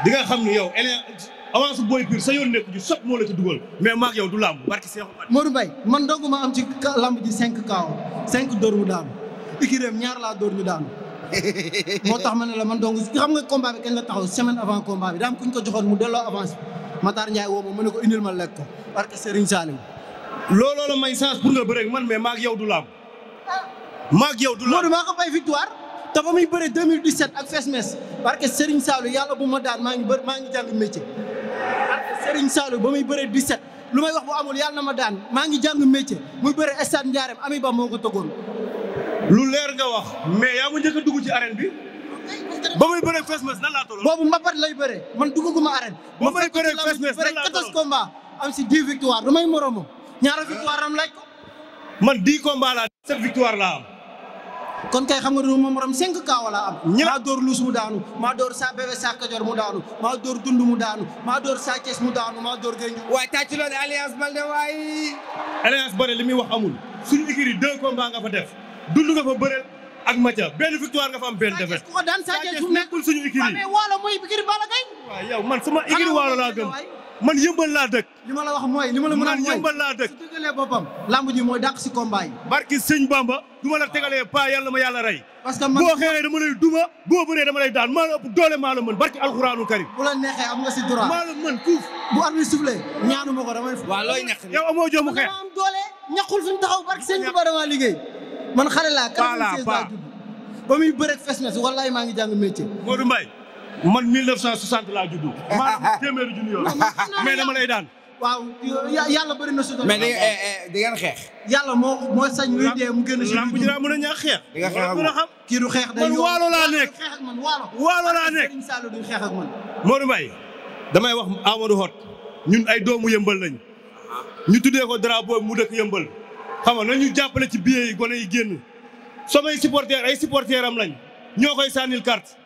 di nga xam ni yow Elian avance booy Pire sa yoon nekk ju sot moo la ci dugal mais maag yow du làmb barki Seexu Modou Mbaye man dong ma am ci làmb ji cinq kaw cinq dóor mu daanu ikiréem ñaar laa dóor ñu daanu moo tax ma ne la man dong xam nga combat bi kañ la taxaw semaine avant combat bi kuñ ko joxoon mu delloo avance bi Matar Ndiaye woo ma mu ne ko indil ma lekk ko barki Serigne Salim looloo la may chance pour nga bëre man mais maag yow du làmb maag yow du làmb Modou maa ko fay te ba muy bëre 2017 ak Fesmes parce que Serigne Sallou yàlla bu ma daan maa ngi bëri maa ngi jàng métier. parce que Serigne ba muy bëre 17 lu may wax bu amul yàlla na ma daan maa ngi jàng métier muy bëre stade Ndiarème Ami Ba moo ko tëggoon. lu leer nga wax mais yaa ma njëkk a dugg ci arène bi. ba muy bëre Fesmes na laa tolloon. boobu Mbapat lay bëre man dugguma arène. ba muy bëre Fesmes nan laa tolloon 14 combats am si 10 victoire du may moromam ñaara victoire am laaj ko. man 10 combats kon kay xam nga ne moom morom 5 kaw laa am. maa door luus mu daanu maa door sa bébé sa kajoor mu daanu maa door dund mu daanu maa door sa Cees mu daanu maa door waa waaye tàcc loolu alliance Baldé waaye. alliance Baldé li muy wax amul suñu écurie deux combats nga fa def dund nga fa bëreel ak Mathia benn victoire nga fa am benn défaite. ku daan Sa Cees fu mu nekkul suñu écurie. waaw mais waalo mooy écurie Balla Gaye. waaw man sama écurie waalo laa gëm. man yëmbal laa dëkk. li ma la wax mooy li ma la mën a mooy man yëmbal laa dëkk. su tëgalee boppam si combat barki sëñ Bamba du ma la tegalee paa yàlla ma yàlla rey. parce que boo xeexee dama lay duma boo bëree dama lay daan maa doole maa la barki alxuraanu karim. bu la neexee am nga si droit maa la mën bu at mi soufflé ñaanu ma ko damay. waaw looy ñax yow amoo joomu xeex. am doole ñaxul liggéey. man xale laa. paa laa paa ba muy bëreeg fes na si wallaay maa ngi jàng métier man 1960 laa judd. maanaam téeméeri junni yoon. mais dama lay daan. waaw yàlla bëri na sutura. mais di eh, eh, di ngeen xeex. yàlla moo sañ luy dee mu gën a. si lamb ji daa a xeex. di nga xeex ak moom kii du xeex day man waalo laa nekk man waalo laa nekk. Serigne Sall damay wax Amadou Hott ñun ay doomu yëmbal lañ ñu tuddee ko drapeau mu dëkk yëmbal xam nga nañu jàppale ci billet yi gone yi génn samay supporters ay supporters am lañ ñoo koy sànnil carte.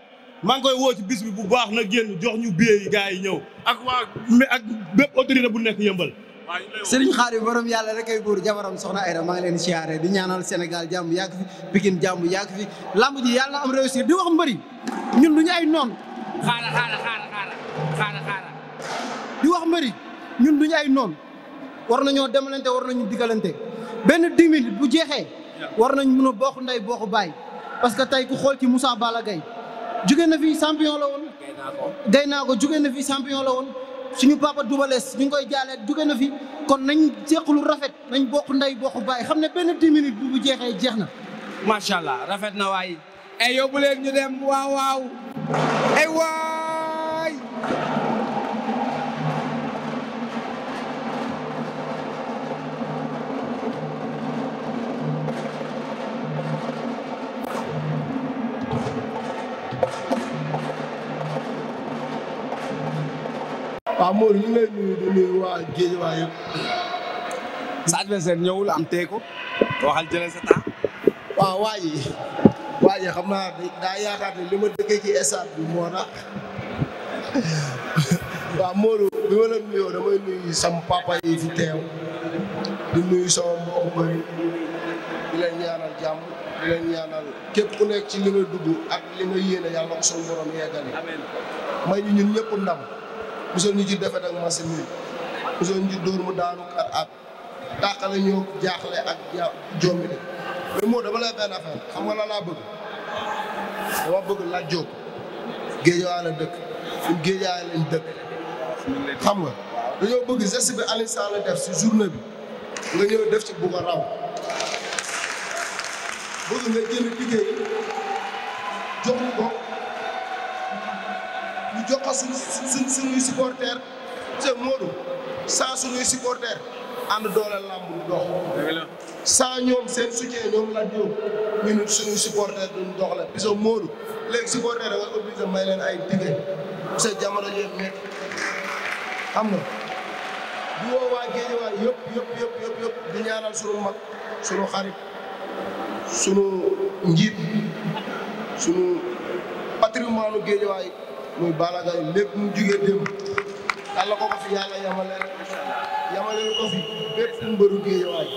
maa ngi koy woo ci bis bu baax na génn jox ñu billet gaa yi ñëw. ak waa mais ak bépp autorité bu nekk yëmbal. Serigne Xaadim borom yàlla rek ay góor jabaram soxna ay maa ngi leen siyaare di ñaanal Sénégal jàmm yàgg fi Pikine jàmm yàgg fi lamb ji yàlla am réussir di wax mbëri ñun du ñu ay noon xaara xaara xaara xaara xaara di wax mbëri ñun du ñu ay noon war nañoo demalante war nañu digalante benn dix bu jeexee war nañ mun a bokk ndey bokk baay parce que tey ku xool ci Moussa baala Gaye jugee na fi champion la woon. gay naa ko jugee na fi champion la woon suñu papa dubalees ñu ngi koy jaalee jugee na fi kon nañ seq lu rafet nañ bokk ndey bokk baay xam ne benn dix minutes bu bu jeexee jeex na. macha allah rafet na waaye et eh, yóbbu leen ñu dem waaw waaw. Eh, waaw. waaw Modou ñu ngi lay nuyu di nuyu waa géej waa yëpp. sa adversaire ñëwul am tee waxal jëlee sa temps. waa ji waa xam naa daa yaakaar ne li ma dëkkee ci stade bi moo tax waaw Modou bi ma la nuyoo damay nuyu sama papa yi fi teew di nuyu sama mbokk bëri di leen ñaanal jàmm di leen ñaanal képp ku nekk ci li nga dugg ak li nga yéene yàlla ko suñu borom yeggale may ñu ñun ñëpp ndam. mosoon ñu ci defet ak machine yi mosoon ñu ci dóor mu daanu at at tàqale ñu jaaxle ak jombi de moo dama lay benn affaire xam nga la laa bëgg dama bëgg la jóg géejawaay dëkk ñun géejawaay dëkk xam nga dañoo bëgg geste bi Alioune Sall la def si journée bi nga ñëw def ci bu raw bëgg nga jënd liggéey jox ko jox ko suñu suñ suñuy supporter te Modou sans suñuy supporter doole làmb du dox. sans ñoom seen soutien ñoom la jóg ñun suñuy supporter duñ dox la biso Modou léegi supporter da nga obligé may leen ay dige sa jamono yëpp métti xam nga du woo waa Géejawaay yëpp yëpp yëpp yëpp yëpp di ñaanal suñu mag suñu xarit suñu njiit suñu patrimoine Géejawaay muy Balla lépp mu jigéen démb yàlla ko ko fi yàlla yamaleel ko fi bépp mbëru Géejawaay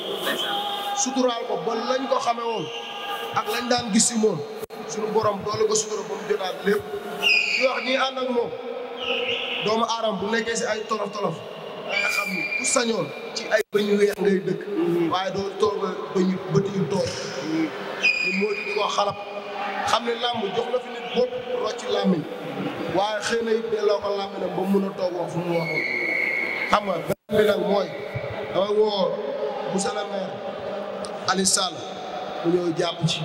suturaal ko ba lañ ko xame woon ak lañ daan gis si moom suñu borom doole ko sutura ba mu jotaat lépp di wax ànd ak moom doomu aaram bu nekkee si ay tolof tolof nga xam ni ku sañoon ci ay bëñ yu weex ngay dëkk waaye doo toog ba bëñ bët yu toog ñu moo di ko xarab xam ne làmb jox la fi nit bopp rocc làmmiñ waaye xëy na it delloo ko làmminam ba mun a toog wax fu mu waxul xam nga benn mooy damay woo monsieur le maire mu ñëw jàpp ci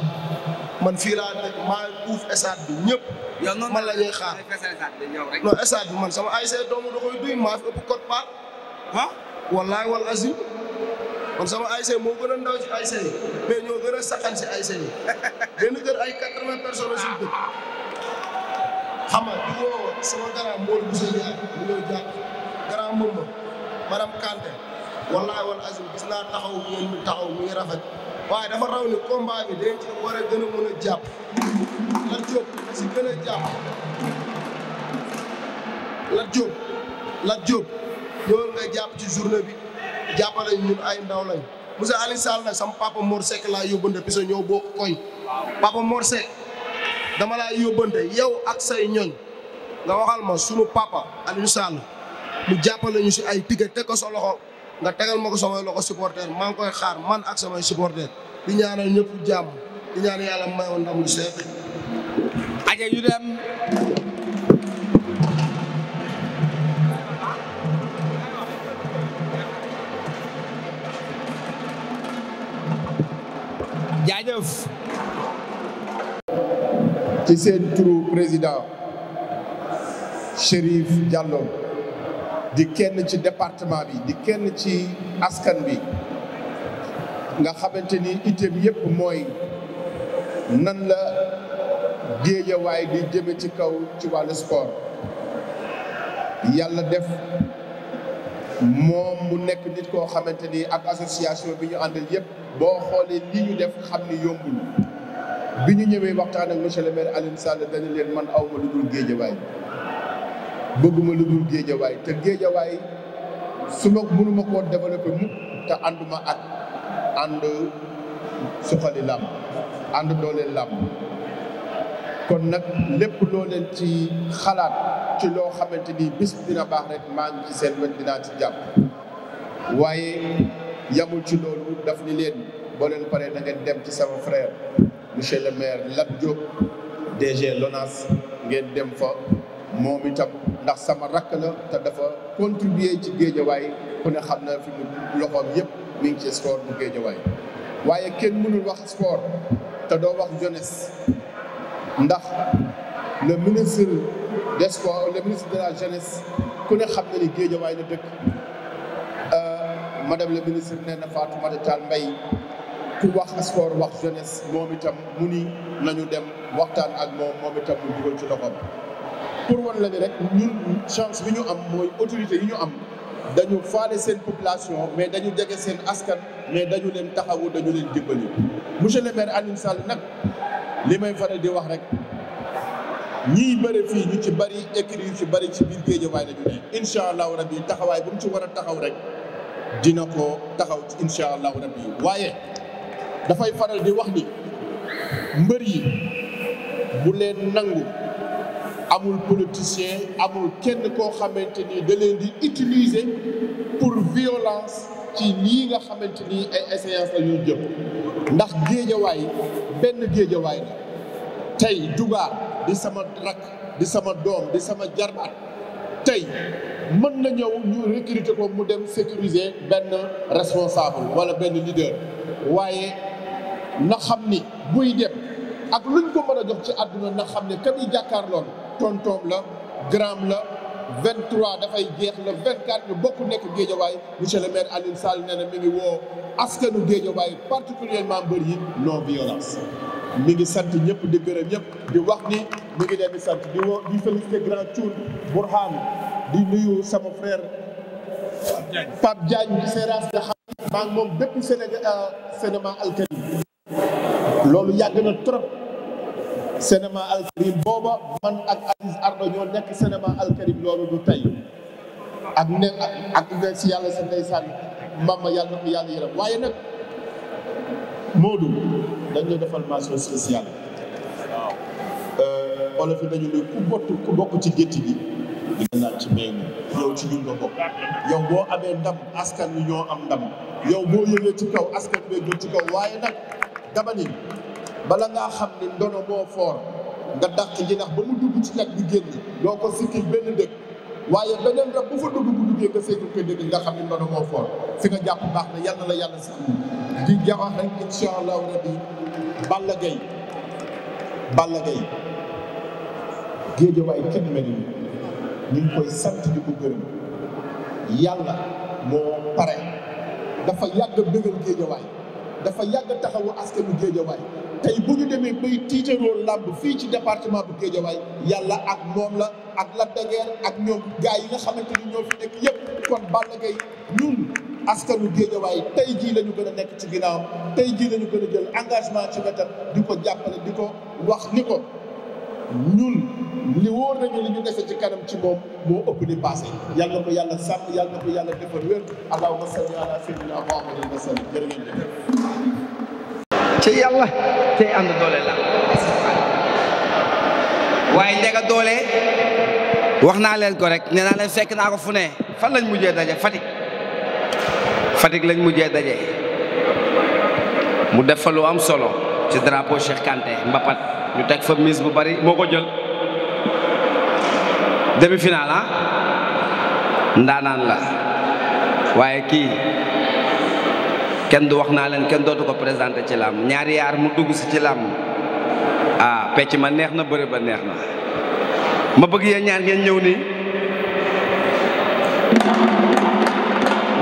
man fii laa nekk maa uuf esaat bi ñëpp. man la ñuy xaar non esaat bi man sama ay doomu da duy maa fi ëpp code part ah wallaay wal azim kon sama ASC moo gën a ndaw ci ASC mais ñoo gën a saxan si ASC yi benn kër ay quatre-vingts personnes la dëkk xam nga di woo sama grand Mawal Moussa Ndiaye mu ñëw jàpp grand Mbemba wal azim gis naa taxaw ngeen ñu taxaw muy rafet waaye dafa raw ni combat bi dañ ci war a gën a mën a jàpp Lat Diop si gën a jàpp Lat Diop Lat Diop ñëwal nga jàpp ci journée bi jàppale ñun ay ndaw lañ monsieur Aliou Sall nag sama papa Mor Seck laa yóbbante piso ñëw bokk dama laa yóbbante yow ak say ñoñ nga waxal ma sunu papa Aliou Sall lu jàppale ñu si ay ticket te ko sa loxo nga tegal ma ko samay loxo supporter maa ngi koy xaar man ak samay supporter di ñaanal ñëpp jàpp di ñaan yàlla mayoon ndam lu seet. aja ñu dem. jaajëf. ci seen turu président Chérif Diallo di kenn ci département bi di kenn ci askan bi nga xamante ni itte bi yëpp mooy nan la géejawaay bi jëme ci kaw ci wàll sport yàlla def moom mu nekk nit koo xamante ni ak association bi ñu àndal yëpp boo xoolee li ñu def xam ni yombul bi ñu ñëwee waxtaan ak monsieur le maire Alioune Sall dañu leen man aw ma lu dul géejawaay bëgguma lu dul géejawaay te géejawaay su ma mënuma koo développé mu te ànduma ak ànd suxali làmb ànd dooleel làmb kon nag lépp loo leen ci xalaat ci loo xamante ni bis dina baax rek maa ngi ci seen wet dinaa ci jàpp waaye yamul ci loolu daf ni leen boo leen paree na dem ci sama frère monsieur le maire Lat Diop DG LONAS ngeen dem fa moom itam ndax sama rakk la te dafa contribuer ci géejawaay ku ne xam na fi mu loxoom yëpp mi ngi ci sport bu géejawaay waaye kenn mënul wax sport te doo wax jeunesse ndax le ministre des sports le ministre de la jeunesse ku ne xam na ni géejawaay la dëkk euh, madame la ministre nee na Fatoumata Tall Mbaye ku wax sport wax jeunesse moom itam mu ni nañu dem waxtaan ak moom moom itam mu dugal ci loxoom pour wan la ni rek ñun chance bi ñu am mooy autorité yu ñu am dañu faale seen population mais dañu jege seen askan mais dañu leen taxawu dañu leen dimbali monsieur le maire Alioune Sall nag li may faral di wax rek ñiy bëri ñu ci bëri écrits yu ci bari ci biir Guédiawaye lañu ne incha allahu rabi taxawaay bu mu ci war a taxaw rek dina ko taxaw ci incha allahu rabi waaye. dafay faral di wax ni mbër yi bu leen nangu amul politicien amul kenn koo xamante ni da leen di utiliser pour violence ci ñii nga xamante ni ay essayance la ñuy ndax géejawaay benn géejawaay la tey Duga di sama rak di sama doom di sama jarbaat tey mën na ñëw ñu recruter ko mu dem sécurise benn responsable wala benn leader waaye na xam ni buy dem ak luñ ko mën a jox ci àdduna na xam ne ka muy jàkkaar loolu tontoom la gram la 23 dafay jeex la 24 ñu bokk nekk géejawaay monsieur le maire Alioune Sall nee na mi ngi woo askanu géejawaay particulièrement mbër yi non violence mi ngi sant ñëpp di gërëm ñëpp di wax ni mi ngi leen di sant di woo di félicité grand Thioune Bourhan di nuyu sama frère Pape Diagne Seras nga xam maa ngi moom depuis Sénégal euh, alkali loolu yàgg na trop cinéma alkarim booba man ak Aziz Ardo ñoo nekk cinéma alkarim loolu du tey ak ne ak ne si yàlla sa ndeysaan mama yàlla na ko yàlla yërëm waaye nag Moodu dañu defal mention spéciale waaw olof yi dañu ne ku bott ku bokk ci gétti gi di nga ci mbéy mi yow ci ñun bokk yow boo amee ndam askan wi ñoo am ndam yow boo yëgee ci kaw askan wi ñoo ci kaw waaye nag dama bala ngaa xam ni ndono moo foor nga dàq jinax ba mu dugg ci yàgg bi génn doo ko sikkil benn dëkk waaye beneen rab bu fa dugg bu duggee nga seetlu koy dëgg nga xam ni ndono moo foor fi nga jàpp baax na yàlla la yàlla sax di jawax rek insha allahu rabbi Balla Gaye Balla Gaye géejawaay kenn ni ñu koy sant di ko gërëm yàlla moo pare dafa yàgg bëggal géejawaay dafa yàgg taxawu askanu géejawaay tey bu ñu demee bay tiitaroo làmb fii ci département bu géejawaay yàlla ak moom la ak la dageer ak ñoom gars yi nga xamante ni ñoo fi nekk yëpp kon Balla Gaye ñun askanu géejawaay tey jii la gën a nekk ci ginnaawam tey jii la gën a jël engagement ci wetam di ko jàppale di ko wax ni ko ñun li wóor nañu li ci kanam ci moom moo di passé yàlla ko yàlla sàmm yàlla ko yàlla defal wér allahumma salli ala sayyidina muhammadin wa ci yàlla tey doole la waaye ndega doole wax naa leen ko rek nee naa leen fekk naa ko fu ne fan lañ mujjee daje Fatick fatik lañ mujjee daje mu def fa am solo ci drapeau Cheikh Kanté mbapat ñu teg fa mise bu bari moo ko jël demi final ah ndaanaan la waaye kii kenn du wax naa leen kenn dootu ko présenté ci làmb ñaari yaar mu dugg si ci làmb ah pecc ma neex na bëri ba neex na ma bëgg yéen ñaar ngeen ñëw nii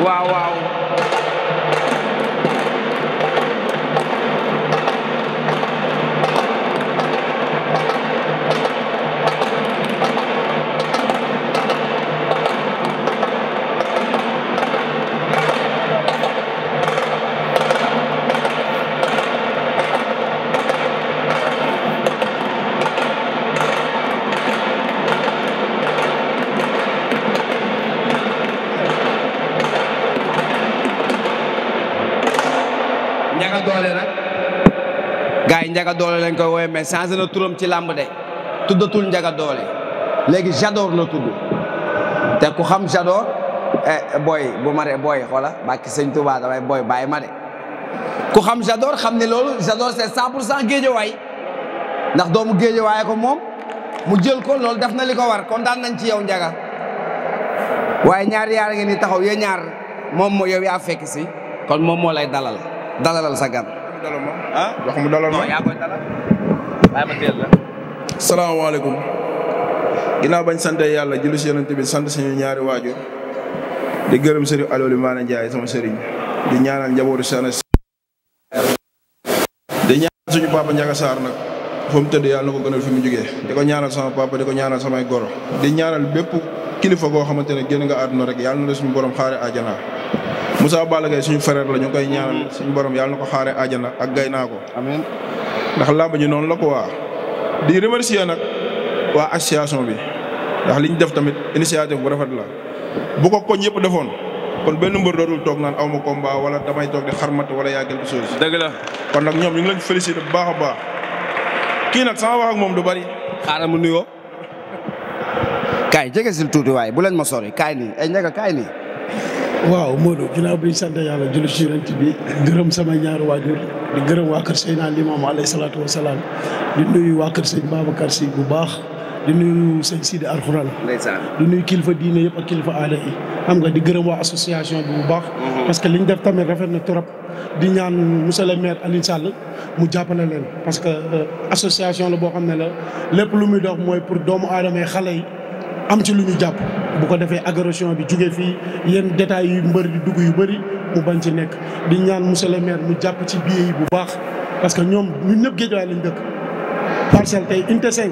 waaw waaw njaga doole lañ koy woowee mais changé turam ci làmb de tuddatul njaga doole léegi Jador la tudd te ku xam Jador eh booy bu ma de booy xoola bàkki sëñ Tuubaa damay booy bàyyi ma ku xam Jador xam ne loolu Jador se cent pour cent géejawaay ndax doomu géejawaay ko moom mu jël ko loolu def na li ko war kontaan nañ ci yow njaga waaye ñaar yaar ngeen ni taxaw yo ñaar moom moo yow yaa fekk si kon moom moo lay dalal dalalal sa dalal ma. ah mu dalal ma non ginnaaw bañ sant yàlla julli si yonent sant suñu ñaari waajur. di gërëm sëriñ Aliou Maane Ndiaye sama sëriñ di ñaanal njabootu Sane. di ñaanal suñu papa Ndiaga Sarr nag fa mu tëdd yàlla na ko gënal fi mu juge di ko ñaanal sama papa di ko ñaanal samay goro. di ñaanal bépp kilifa goo xamante ne génn nga no rek yàlla na la suñu borom xaare àjjana Moussa baala Gaye suñu frère la ñu koy ñaanal suñu borom yàlla na ko xaaree àjjana ak gay naa ko. amiin ndax làmb ñu noonu la ko waa di remercier nag waa association bi ndax li ñu def tamit initiative bu rafet la bu ko koñ yëpp defoon kon benn mbër dootul toog naan aw ma combat wala damay toog di xarmat wala yaa quelque chose. dëgg kon nag ñoom ñu ngi leen félicité bu baax a kii nag sama wax moom du bari. xaaral mu nuyoo. kaay jege si tuuti waaye bu leen ma sori ay ñaga kaay waaw Modou ginnaaw bi ñu sant yàlla julli ci yonent bi gërëm sama ñaari waajur di gërëm waa kër Seydina Limaamu alayhi salaatu wa salaam di nuyu waa kër sëñ Babacar Si bu baax di nuy sëñ Sidi Alxuraan di nuy kilifa diine yëpp ak kilifa aada yi xam nga di gërëm waa association bi bu baax mhm. parce que liñ def tamit rafet na trop di ñaan monsieur le maire Alioune Sall mu jàppale leen parce que euh, association la boo xam ne la lépp lu muy dox mooy pour doomu aadama yi xale yi am ci lu ñu jàpp bu ko defee agression bi jóge fii yenn detaay yu mbër dugg yu bëri mu bañ ci nekk di ñaan monsieur le maire mu jàpp ci billet yi bu baax parce que ñoom ñun ñëpp géejawaay lañ dëkk parcelle tey unité 5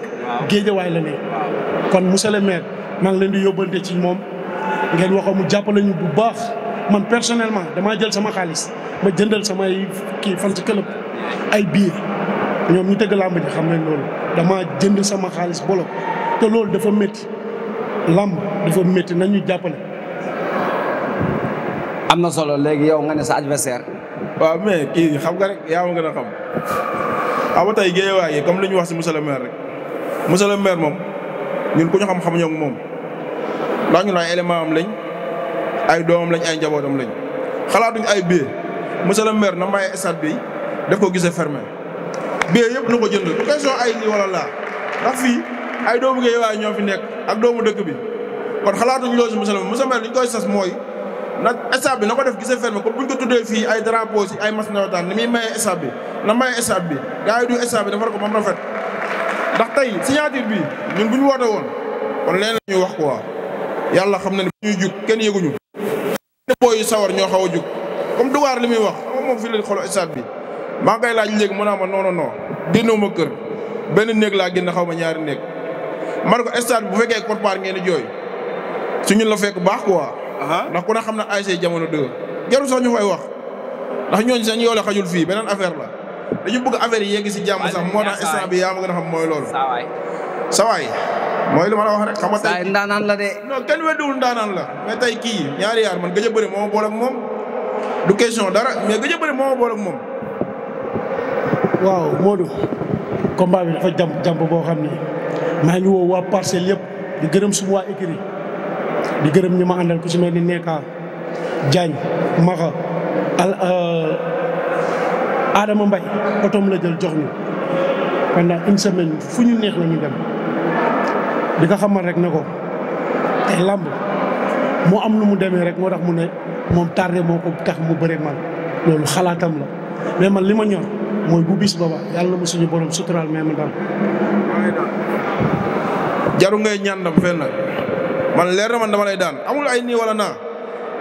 géejawaay la ne kon monsieur le maire maa ngi leen di yóbbante ci moom ngeen waxoon mu jàpp lañu bu baax man personnellement damaa jël sama xaalis ma jëndal samay kii fan ci club ay biir ñoom ñu tëgg làmb ji xam nañ loolu damaa jënd sama xaalis bolo làmb dafa métti nañu jàppale. am na solo léegi yow nga ne sa adversaire. waaw mais kii xam nga rek yaa ma gën a xam xam nga tey géejewaay yi comme li ñu wax si monsieur le maire rek monsieur le maire moom ñun ku ñu xam xamuñoo moom ndax ñu ay élément am lañ ay doomam lañ ay njabootam lañ xalaatuñ ay billets monsieur le maire na may stade bi daf ko gisee fermé billet yëpp na ko jënd question ay lii laa ndax ay doomu géejewaay ñoo fi nekk. ak doomu dëkk bi kon xalaatuñu loolu si monsieur ma maire monsieur le ñu koy sas mooy na stade bi na ko def gisee ferme kon buñ ko tuddee fii ay drapeaux yi ay match nawetaan ni muy maye stade bi na maye stade bi gars yi du stade bi defar ko ba mu rafet ndax tey signature bi ñun bu ñu woote woon kon leen la ñuy wax quoi yàlla xam na ni bu ñuy jug kenn yëguñu booy yu sawar ñoo xaw a jug comme dugaar li muy wax xam moom fii la xool stade bi maa ngi koy laaj léegi mu ne ah ma non non non kër benn néeg laa génn xaw ma ñaari néeg ma ne ko stade bu fekkee Côte ngeen di jooy su la fekk baax quoi. ndax ku ne xam na ASC jamono dëgg jarul sax ñu fay wax ndax ñooñu seen yoole xajul fii beneen affaire la dañu bëgg affaire yi yegg si jàmm sax moo tax instant bi yaa ma gën a xam mooy loolu. sawaay sawaay mooy li ma la wax rek xam nga ndaanaan la de. non kenn weddiwul ndaanaan la mais tey kii ñaari yaar man gëj a bëri moo ma boole moom du question dara mais gëj a bëri moo ma moom. waaw Modou combat bi dafa xam ni maa ngi woo waa parcelle yëpp di gërëm suma waa écurie di gërëm ñi ma àndal ku ci mel ni Neka Diagne Maxa al euh, Adama Mbaye otoom la jël jox ñu pendant une semaine fu ñu neex la dem di ko xamal rek ne ko tey làmb moo am lu mu demee rek moo tax mu ne moom tardé moo ko tax mu bëre man loolu xalaatam la mais man li ma ñor mooy bu bis baba yàlla na ma suñu borom suturaal mais ma dal jaru ngay ñaan ndam fenn man leer na man dama lay daan amul ay nii wala naa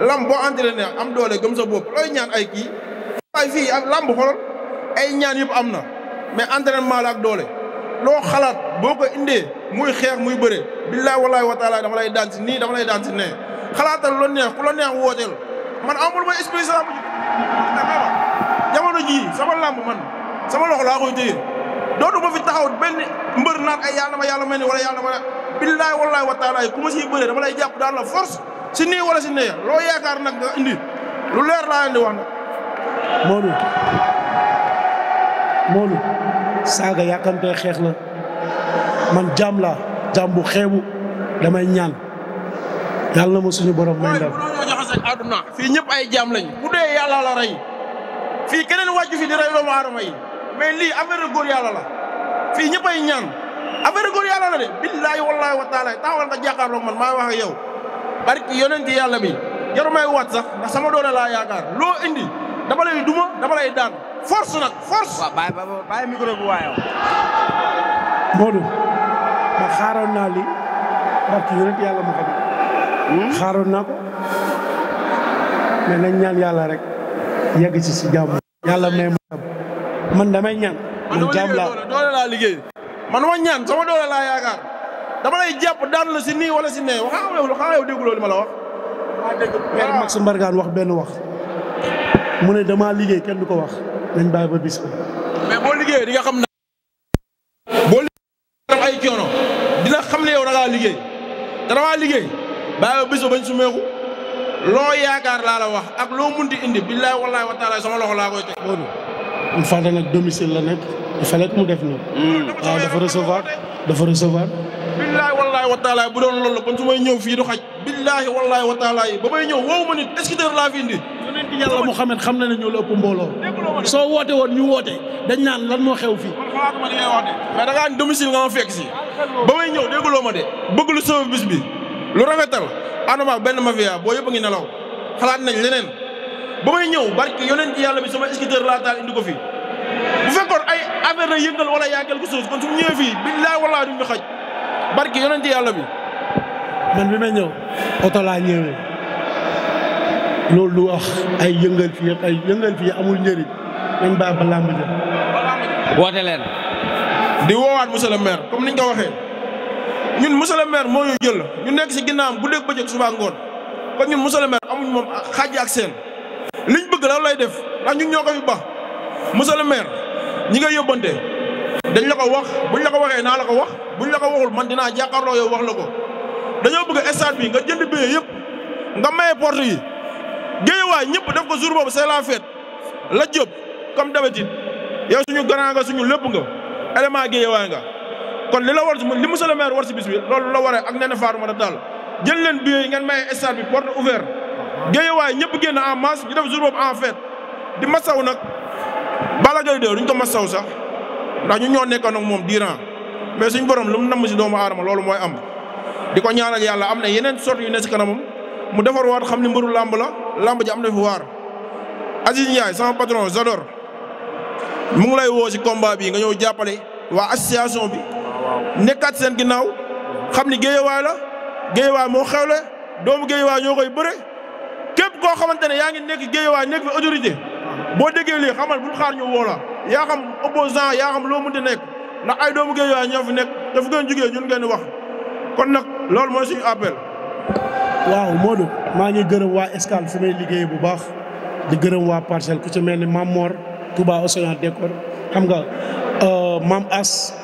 lamb boo entraîné am doole gëm sa bopp looy ñaan ay kii ay fii lamb xolol ay ñaan yëpp am na mais entraînement la ak doole loo xalaat boo ko indee muy xeex muy bëre billaay wallaay wa taala dama lay daan si nii dama lay daan si nee xalaatal lu neex la neex wooteel man amul ma expérience lamb jamono jii sama lamb man sama loxo laa koy téye dootuma fi taxaw benn mbër naan ay yàlla ma mel ni wala yàlla ma billaay wallaay wa taala ku ma siy bëree jàpp daal la si nii wala si nee loo yaakaar nag nga indi lu leer laa indi wax na Modou Modou saaga yàkkantee xeex la man jaam jaam bu xeebu damay ñaan yàlla na ma suñu borom may fii ñëpp ay jaam lañu bu dee yàlla rey fii keneen wàccu fi di rey doomu aadama yi mais lii affaire góor yàlla la fii ñëppay ñaan affaire góor yàlla la de billaahi wallaahi wa taala taawal nga jàkkaarloog man maa wax ak yow barki yonenti yàlla bi jarumay waat sax ndax sama doole la yaakaar loo indi dama lay duma dama lay daan force nag force. waaw bàyyi bàyyi micro bi waayoo. Modou ma xaaroon naa lii barki yonenti yàlla ma xam. Hmm? xaaroon naa ko mais nañ ñaan yàlla rek yegg ci si jàmm yàlla may man damay ñaan. man jaam laa liggéey. man ma ñaan sama doole laa yaakaar dama lay jàpp daan la si nii wala si nee ma la wax. waaw wax benn wax ne damaa liggéey kenn du ko wax nañ bàyyi ba nga xam na boo xam ne yow da liggéey te damaa liggéey bàyyi ba bis bañ sumeeku loo yaakaar laa la wax ak loo munti indi billaahi wallaahi wa taala sama loxo laa koy teg une fois nag domicile la nekk il fallait mu def nii. waaw hmm. ah, dafa recevoir dafa recevoir. billaahi wallaahi wa taala bu doon loolu la kon su may ñëw fii du xaj. billaahi wallaahi wa taala ba may ñëw wow ma nit escouteur laa fi indi. yonent yàlla Muhammad xam ne ñoo la ëpp mbooloo. soo woote woon ñu woote dañ naan lan moo xew fii. man li ngay wax de. mais da ngaa am domicile nga ma fekk si. ba may ñëw déggloo ma de. bëgg lu sama bis bi. lu rafetal. ànd ma benn mafia boo yëpp a ngi nelaw xalaat nañ leneen. ba may ñëw barke yonent yàlla bi sama scooter laa taal indi ko fi bu fekkoon ay affaire la yëngal wala yaa quelque chose kon su mu ñëwee fii billaay wallaahi duñ fi xaj barke yonent yàlla bi. man bi ma ñëw otolaa laa ñëwee loolu lu wax ay yëngal fi ay yëngal fi amul njëriñ nañ baax ba làmb ja woote leen. di woowaat monsieur le maire comme niñ ko waxee ñun monsieur le maire moo ñu jël ñu nekk si ginnaawam bu dégg bëccëg suba ngoon kon ñun monsieur le maire amuñ moom xaaj ak seen. liñ bëgg la lay def ndax ñun ko fi baax monsieur le maire ñi nga yóbbante dañ la ko wax buñ la ko waxee naa la ko wax buñ la ko waxul man dinaa jàkkaarloo yow wax la ko dañoo bëgg stade bi nga jënd billet yëpp nga maye porte yi géejewaay ñëpp def ko jur boobu c'est la fête la jëb comme d'habitude yow suñu grand nga suñu lépp nga élément géejewaay nga kon li la war li monsieur war si loolu la waree ak Néné Fatoumata Tall jël leen billet yi ngeen maye stade bi porte ouverte géejawaay ñëpp génn en masse ñu def jour boobu en fête di masaw nag Balla Gaye 2 duñ ko masaw sax ndax ñu ñoo nekkoon ak moom diiran mais suñ borom lu mu namm si doomu aadama loolu mooy amb di ko ñaanal yàlla am na yeneen sorte yu ne si kanamam mu defar waat xam ne mbëru làmb la làmb ji am na fi waar Aziz Ndiaye sama patron Zador mu ngi lay woo si combat bi nga ñëw jàppale waa association bi nekkaat seen ginnaaw xam ni géejawaay la géejawaay moo xewle doomu géejawaay ñoo koy bëre képp koo xamante ne yaa ngi nekk waa nekk fi autorité boo déggee lii xamal bul xaar ñu woo la yaa xam opposant yaa xam loo mënti nekk ndax ay doomu géejawaay ñoo fi nekk dafa gën jugee ñun ngeen wax kon nag loolu mooy suñu appel. waaw Modou maa ngi gërëm waa Escale fi may liggéey bu baax di gërëm waa parcelle ku ci mel ni Mam Mor Touba Océan Décor xam nga euh, Mam As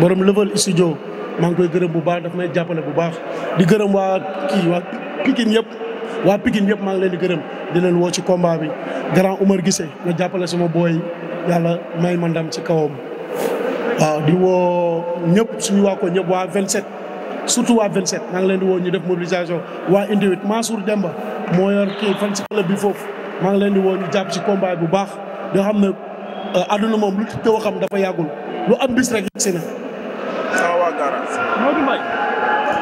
borom level studio maa ngi koy gërëm bu baax daf may jàppale bu baax di gërëm waa kii waa Pikine yëpp. waa Pikine yëpp maa ngi leen di gërëm di leen woo ci combat bi grand Umar Guissé nga jàppale sama booy yàlla may ma ndam ci kawam. waaw di woo ñëpp suñu waa ko ñëpp waa 27 surtout waa vingt maa ngi leen di woo ñu def mobilisation waa indiwit Mansour jamba moo yor kii fan ci club bi foofu maa ngi leen di woo ñu jàpp ci combat bu baax nga xam ne euh, àdduna moom lu ci tëw xam dafa yàggul lu am bis rek yegsi na. saa waa garage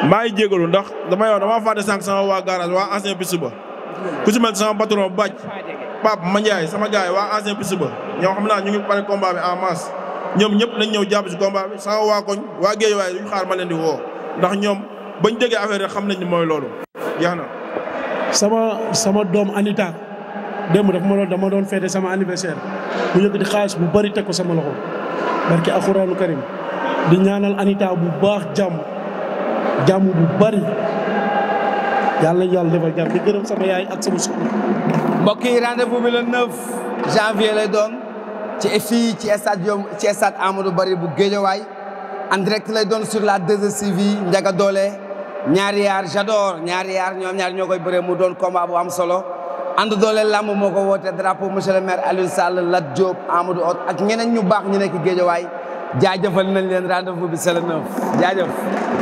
maa ngi jégalu ndax dama yow dama fàtte sànq sama waa garage waa ancien piste ba ku ci mel sama patron bàcc Pape Mandiaye sama gars waa ancien piste ba ñoo xam naa ñu ngi pare combat bi en ñoom ñëpp nañ ñëw jàpp ci combat bi sama waa koñ waa géej waaye duñu xaar ma leen di woo ndax ñoom bañ déggee affaire rek xam nañ ni mooy loolu jeex na sama sama doom Anita démb daf ma doon dama doon feete sama anniversaire bu di xaalis bu bari teg ko sama loxo barki alxuraanu karim di ñaanal Anita bu baax jàmm jàmm bu bari yàlla yàlla defal jàmm di gërëm sama yaay ak sama soxna. mbokk yi rendez-vous bi le 9 janvier lay doon ci fii ci stade yom ci stade Amadou bu Guédiawaye en direct lay doon sur la 2 vi Ndiaga doole ñaari yaar j'adore ñaar yaar ñoom ñaar ñoo koy bëree mu doon combat bu am solo. ànd doole làmb moo ko woote drapeau monsieur le maire Aliou Sall Lat Diop Amadou Hott ak ñeneen ñu baax ñu nekk Guédiawaye jaajëfal nañ leen rendez-vous bi c'est le